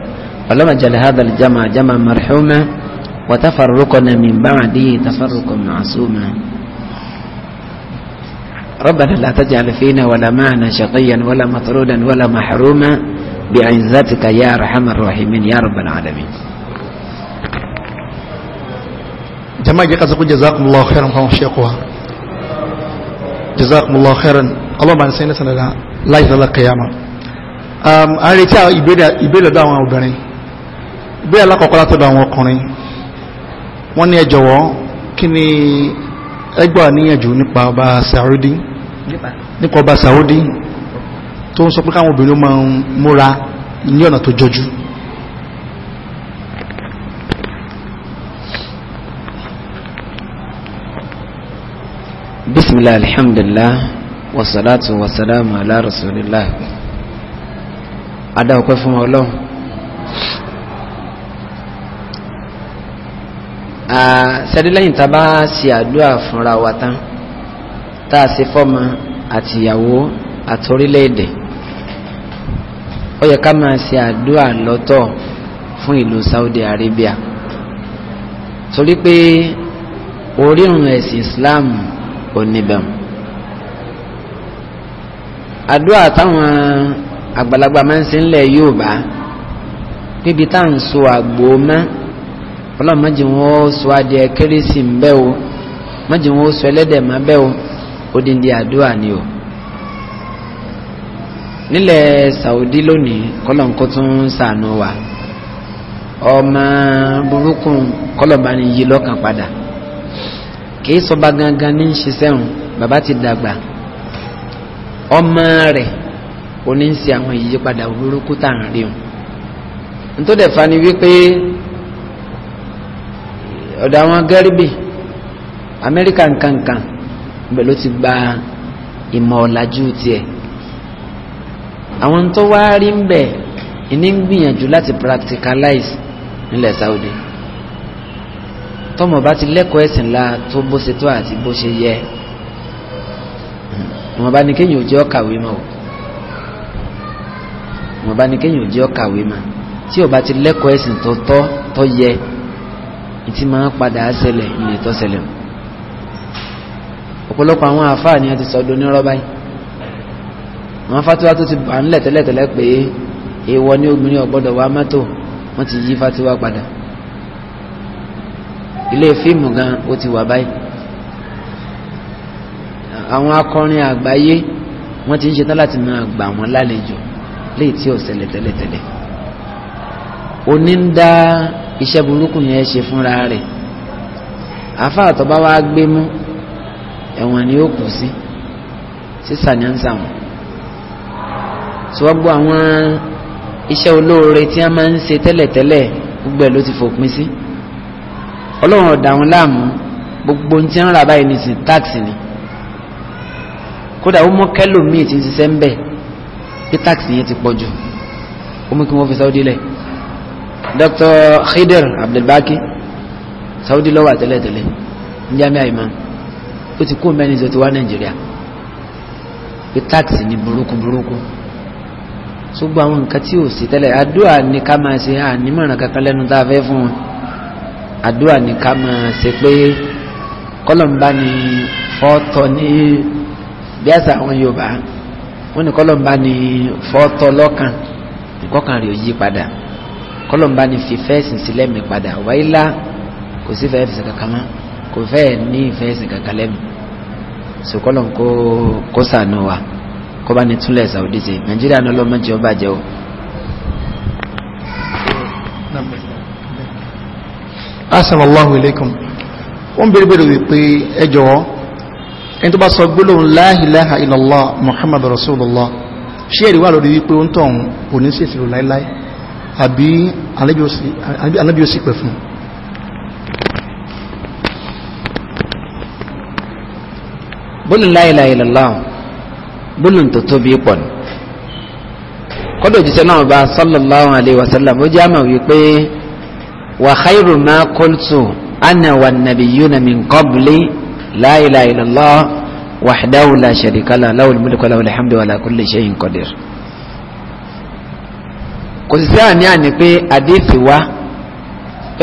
Speaker 1: اللهم اجعل هذا الجمع جمع مرحوما وتفرقنا من بعده تفرقا معصوما ربنا لا تجعل فينا ولا معنا شقيا ولا مطرودا ولا محروما بعزتك يا ارحم الراحمين يا رب العالمين جماعة قصدك جزاكم الله خيرا محمد الشيخ جزاكم الله خيرا اللهم بعد سينا سنة لا يزال القيامة أنا لتعى إبيلة إبيلة دعوة أبني إبيلة لك وقلات دعوة أبني wọ́n ní ẹ jọ̀wọ́ kí ni ẹgbà níyànjú nípa ọba Saudi nípa ọba Saudi tó ń sọ pé káwọn obìnrin máa ń múra ní ọ̀nà tó jọjú bismillah alhamdulillah wasalatu wasalamu ala rasulillah adáwọ̀pẹ́ fún ọlọ́run sẹ́dílẹ́yìn tá a bá ṣe àdúrà fúnra wa tán tá a ṣe fọ́mọ àtìyàwó àtòrílẹ̀-èdè ó yẹ ká máa ṣe àdúrà lọ́tọ̀ fún ìlú Saudi Arabia torí pé orírun ẹ̀sìn Islam ò níbẹ̀ àdúrà táwọn àgbàlagbà máa ń ṣe ńlẹ̀ Yorùbá níbi tá à ń so àgbò mọ́ ọlọ́run má jẹ́ wọn ó sọ adìẹ kérésì ń bẹ́ o má jẹ́ wọn ó sọ ẹlẹ́dẹ̀ má bẹ́ o odindi àdúrà ni o nílẹ̀ Saudi lónìí kọ́lọ́nkó tún sànù wa ọmọ burúkú kọ́lọ́ba ni yí lọ́kàn padà kìí sọba gangan ní ṣiṣẹ́ bàbá ti dàgbà ọmọ rẹ̀ oní àwọn ìyípadà burúkú tá rí òun nítorí ni wípé ọ̀dọ̀ àwọn gẹ́rìbì amẹ́ríkà nkankan ibẹ̀ ló ti gba ìmọ̀ ọ̀làjú tiẹ̀ àwọn tó wá rí ń bẹ̀ ìní ń gbìyànjú láti practicalize nílẹ̀ Saudi tọmọ bá ti lẹ́kọ̀ọ́ ẹ̀sìn ńlá tó bó ṣe tó àti bó ṣe yẹ ìwọ̀n bá ní kéèyàn ò jẹ́ ọ̀kàwé mọ́ o ìwọ̀n bá ní kéèyàn ò jẹ́ mọ́ tí ò bá ti lẹ́kọ̀ọ́ ẹ̀sìn tó tọ́ tó yẹ ìtì máa padà ṣẹlẹ̀ ní ètò ṣẹlẹ̀ ọ̀pọ̀lọpọ̀ àwọn àfáà ni a ti sọdọ onírọ́ báyìí àwọn fatiwa tó ti bà ń lẹ̀ tẹ́lẹ̀tẹ́lẹ̀ pé èèwọ̀ ní obìnrin ọ̀gbọ́dọ̀ wa mọ́tò wọ́n ti yí fatiwa padà ilé fíìmù gan ó ti wà báyìí àwọn akọrin àgbáyé wọ́n ti ń ṣetán láti máa gbà wọ́n lálejò léyìí tí ò ṣẹlẹ̀ tẹ́lẹ̀tẹ́lẹ̀ oní iṣẹ́ burúkú yẹn ṣe fúnra rẹ̀ àfa àtọ́ba wa gbé mú ẹ̀wọ̀n ni ó kù sí sísà ní ansa wọn tí wọ́n gbọ́ àwọn iṣẹ́ olóore tí wọ́n máa ń ṣe tẹ́lẹ̀tẹ́lẹ̀ gbogbo ẹ̀ ló ti fòpin sí ọlọ́run ọ̀dà wọn láàmú gbogbo ohun tí wọ́n rà báyìí nìsín táàkì ni kódà ó mọ kẹlòmíì tí ń ṣiṣẹ́ ń bẹ̀ pé táàkì yẹn ti pọ̀ jù ó mú kí wọ́n fi sáwọ́ délẹ̀ dr khidir abdulbaki saudi lọ́wọ́ àtẹ́lẹ̀tẹ́lẹ̀ njami àìmọ́ ó ti kó mẹ́rin tó ti wá nàìjíríà pé táàkì ní burúkú burúkú ṣùgbọ́n àwọn nǹkan tí ò sí tẹ́lẹ̀ àdúrà ní ká máa ṣe ànímọ̀ràn kankan lẹ́nu tá a fẹ́ fún wọn àdúrà ní ká máa ṣe pé kọ́lọ̀mbá ni fọ́tọ̀ ní bí àṣà àwọn yorùbá wọ́n ní kọ́lọ̀mbá ni fọ́tọ̀ lọ́kàn ìkọ́kàn rẹ̀ ò yí padà kọlọmba ni fi fẹẹsìn sílẹ̀ mi padà wáyílá kò sí fẹẹ fẹsẹ̀ kankan mọ́ kò fẹẹ ní fẹẹsìn kankan lẹmi so kọlọm kó kó sànù wa kó bá ní túnlẹ̀ Saudi ṣe Nàìjíríà ní ọlọ́mọ jẹ́ ọba jẹ́ o. asalaamu alaykum wọ́n bèrè bèrè wípé ẹ jọ̀wọ́ ẹni tó bá sọ gbólóhùn la ilaha muhammadu rasulullah ṣé èrè wà lórí wípé ó ń tọ̀hún kò ní sí láéláé àbí anábí ó sì pẹ̀ fún bólú láìláìlọ́láà bólú tó tóbi pọ̀ ní kọ́dọ̀ jíṣẹ́ náà bá sallallahu alaihi wasallam ó jẹ́ àmà wípé wà khairu ma qultu ana wà nabiyyuna min qabli láìláìlọ́láà wahdahu la sharika lahu lahul mulku wa lahul hamdu wa ala kulli kò sì sí àní àní pé àdéhìí wá bí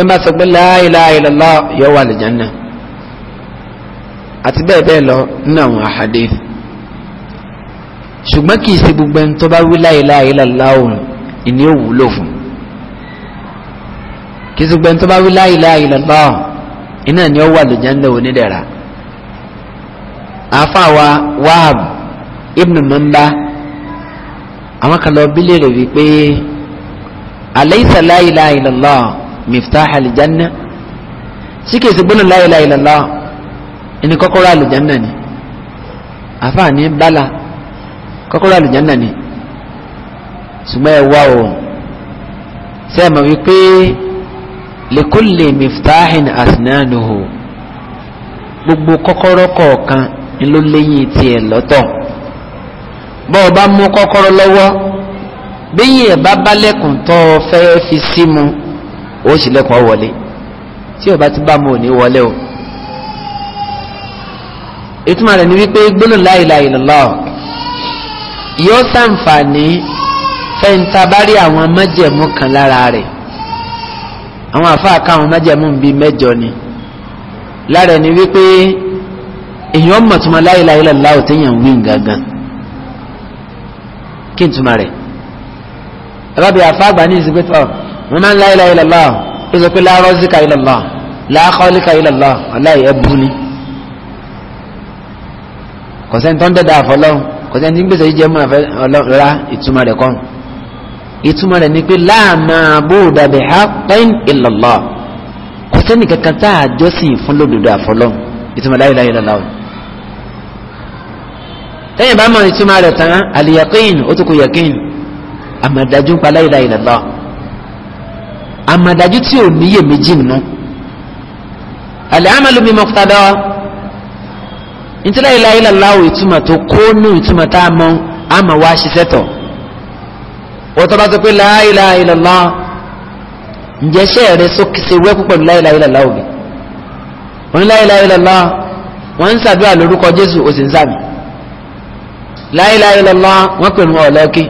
Speaker 1: wọ́n bá sọ pé la ilaha illallah yóò wà lè jẹ́nà àti bẹ́ẹ̀ bẹ́ẹ̀ lọ nínú àwọn àhàdé ṣùgbọ́n kì í ṣe gbogbo ẹni tó bá wí la òun ìní ò wúlò fún kì í ṣe gbogbo ẹni tó bá wí la ilaha iná ni ó wà lè jẹ́nà onídẹ̀ra àfàwà Wahab ibn Manda àwọn kan lọ bí lè wípé alaysa la ilaha illallah miftaha aljanna sí kìí sí gbólóhùn la ilaha illallah ẹni kọ́kọ́rọ́ àlùjánà ni àfààní bala kọ́kọ́rọ́ àlùjánà ni ṣùgbọ́n ẹ wá o ṣe é mọ̀ wípé likulli miftahin asnanuhu gbogbo kọ́kọ́rọ́ kọ̀ọ̀kan ló léyìn tiẹ̀ lọ́tọ̀ bọ́ọ̀ bá mú kọ́kọ́rọ́ lọ́wọ́ bẹ́yìn ẹ̀ bá bálẹ̀kùn tó fẹ́ fi sí mu ó sì lẹ́kùn wọlé tí ọba ti bá mu ò ní wọlé o ìtumọ̀ rẹ̀ ni wípé gbólóhùn la ilaha illallah yóò sàǹfààní fẹ́ǹta bá rí àwọn májẹ̀mú kan lára rẹ̀ àwọn àfáà káwọn májẹ̀mú bíi mẹ́jọ ni lára ẹni wípé èèyàn mọ̀túnmọ̀ la ilaha illallah òtẹ́yàn wí gangan kí n túmọ̀ rẹ̀ rabi afagba ní ìsìnkú tó wọn máa ń la ilaha illallah ó sọ pé la razika illallah la khalika illallah aláì ẹbú ni kọ̀sẹ́ni tó ń dẹ́dà àfọlọ́ kọ̀sẹ́ni tí ń gbèsè jíjẹ mọ́ ọlọ́ra ìtumọ̀ rẹ̀ kọ́ ìtumọ̀ rẹ̀ ni pé la ma'buda bihaqqin illallah kọ̀sẹ́ni kankan tá a jọ́sìn fún lódodo àfọlọ́ ìtumọ̀ la ilaha illallah tẹ́yìn bá mọ̀ ìtumọ̀ rẹ̀ tán al-yaqin tó kù yaqin àmàdájú ń pa la ilaha illallah àmàdájú tí ò níyè méjì nù al-amalu bi muqtada nítorí la ilaha illallah ìtumọ̀ tó kónú ìtumọ̀ tá a mọ àmà wá ṣiṣẹ́ tọ̀ wọ́n tọ́ bá tó pé la ilaha illallah ǹjẹ́ ṣẹ́ rẹ sókè ṣe wẹ́pù pẹ̀lú la ilaha illallah òbí wọ́n la ilaha illallah wọ́n ń ṣàdúrà lórúkọ Jésù ó ń sàmì la ilaha illallah wọ́n pè ní ọ̀lọ́kì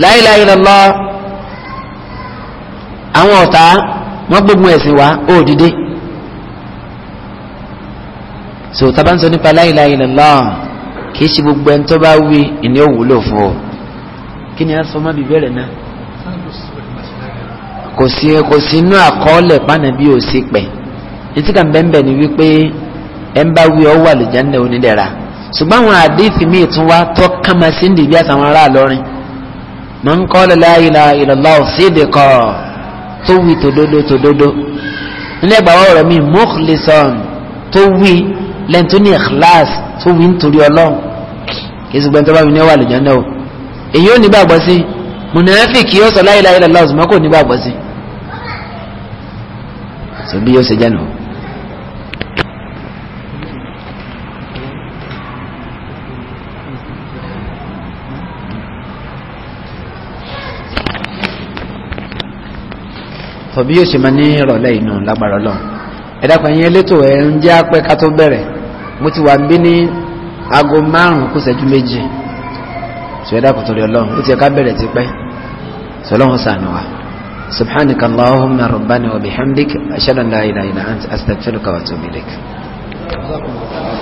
Speaker 1: la ilaha illallah àwọn ọ̀tá wọ́n gbógun ẹ̀sìn wá ó dìde so tábà ń sọ nípa la ilaha illallah ṣe gbogbo ẹni bá wí ìní ò fún ọ kí ni a sọ má bí bẹ̀rẹ̀ náà kò sí kò sí inú àkọọ́lẹ̀ pànàbí ò sí pẹ̀ etí kan bẹ́ẹ̀ ni wípé ẹ̀ ń bá wí ọ wà lójà ń lẹ̀ onídẹ̀ra ṣùgbọ́n àwọn àdéhìí mi tún wá tọ́ kámasí ń dìbí àtàwọn ará man qala la ilaha illallah sidqan tó wí tòdodo tòdodo nílẹ̀ ìgbàwọ́ ọ̀rọ̀ mi mukhlisan tó wí lẹ́yìn tó ní ikhlas tó wí nítorí ọlọ́run kì í ṣùgbọ́n tó bá mi ní wà lójọ́ náà o èyí ò ní gbàgbọ́ sí mùnàfíkì yóò sọ la ilaha illallah ṣùgbọ́n kò ní gbàgbọ́ sí. sọ bí yóò ṣe jẹ́ nù. sọ bí yóò ṣe máa ní ìrọ̀lẹ́ inú lágbára lọ ẹ̀dàpọ̀ ẹ̀yìn elétò ẹ̀ ń jẹ́ apẹ́ ká tó bẹ̀rẹ̀ mo ti wà ń bí ní aago márùn-ún kù ṣẹ́jú méjì sọ ẹ̀dàpọ̀ torí ọlọ́run ó ti ẹ̀ka bẹ̀rẹ̀ ti pẹ́ sọlọ́run sànù wa subhanaka allahumma rabbana wa bihamdik ashhadu an la ilaha illa anta astaghfiruka wa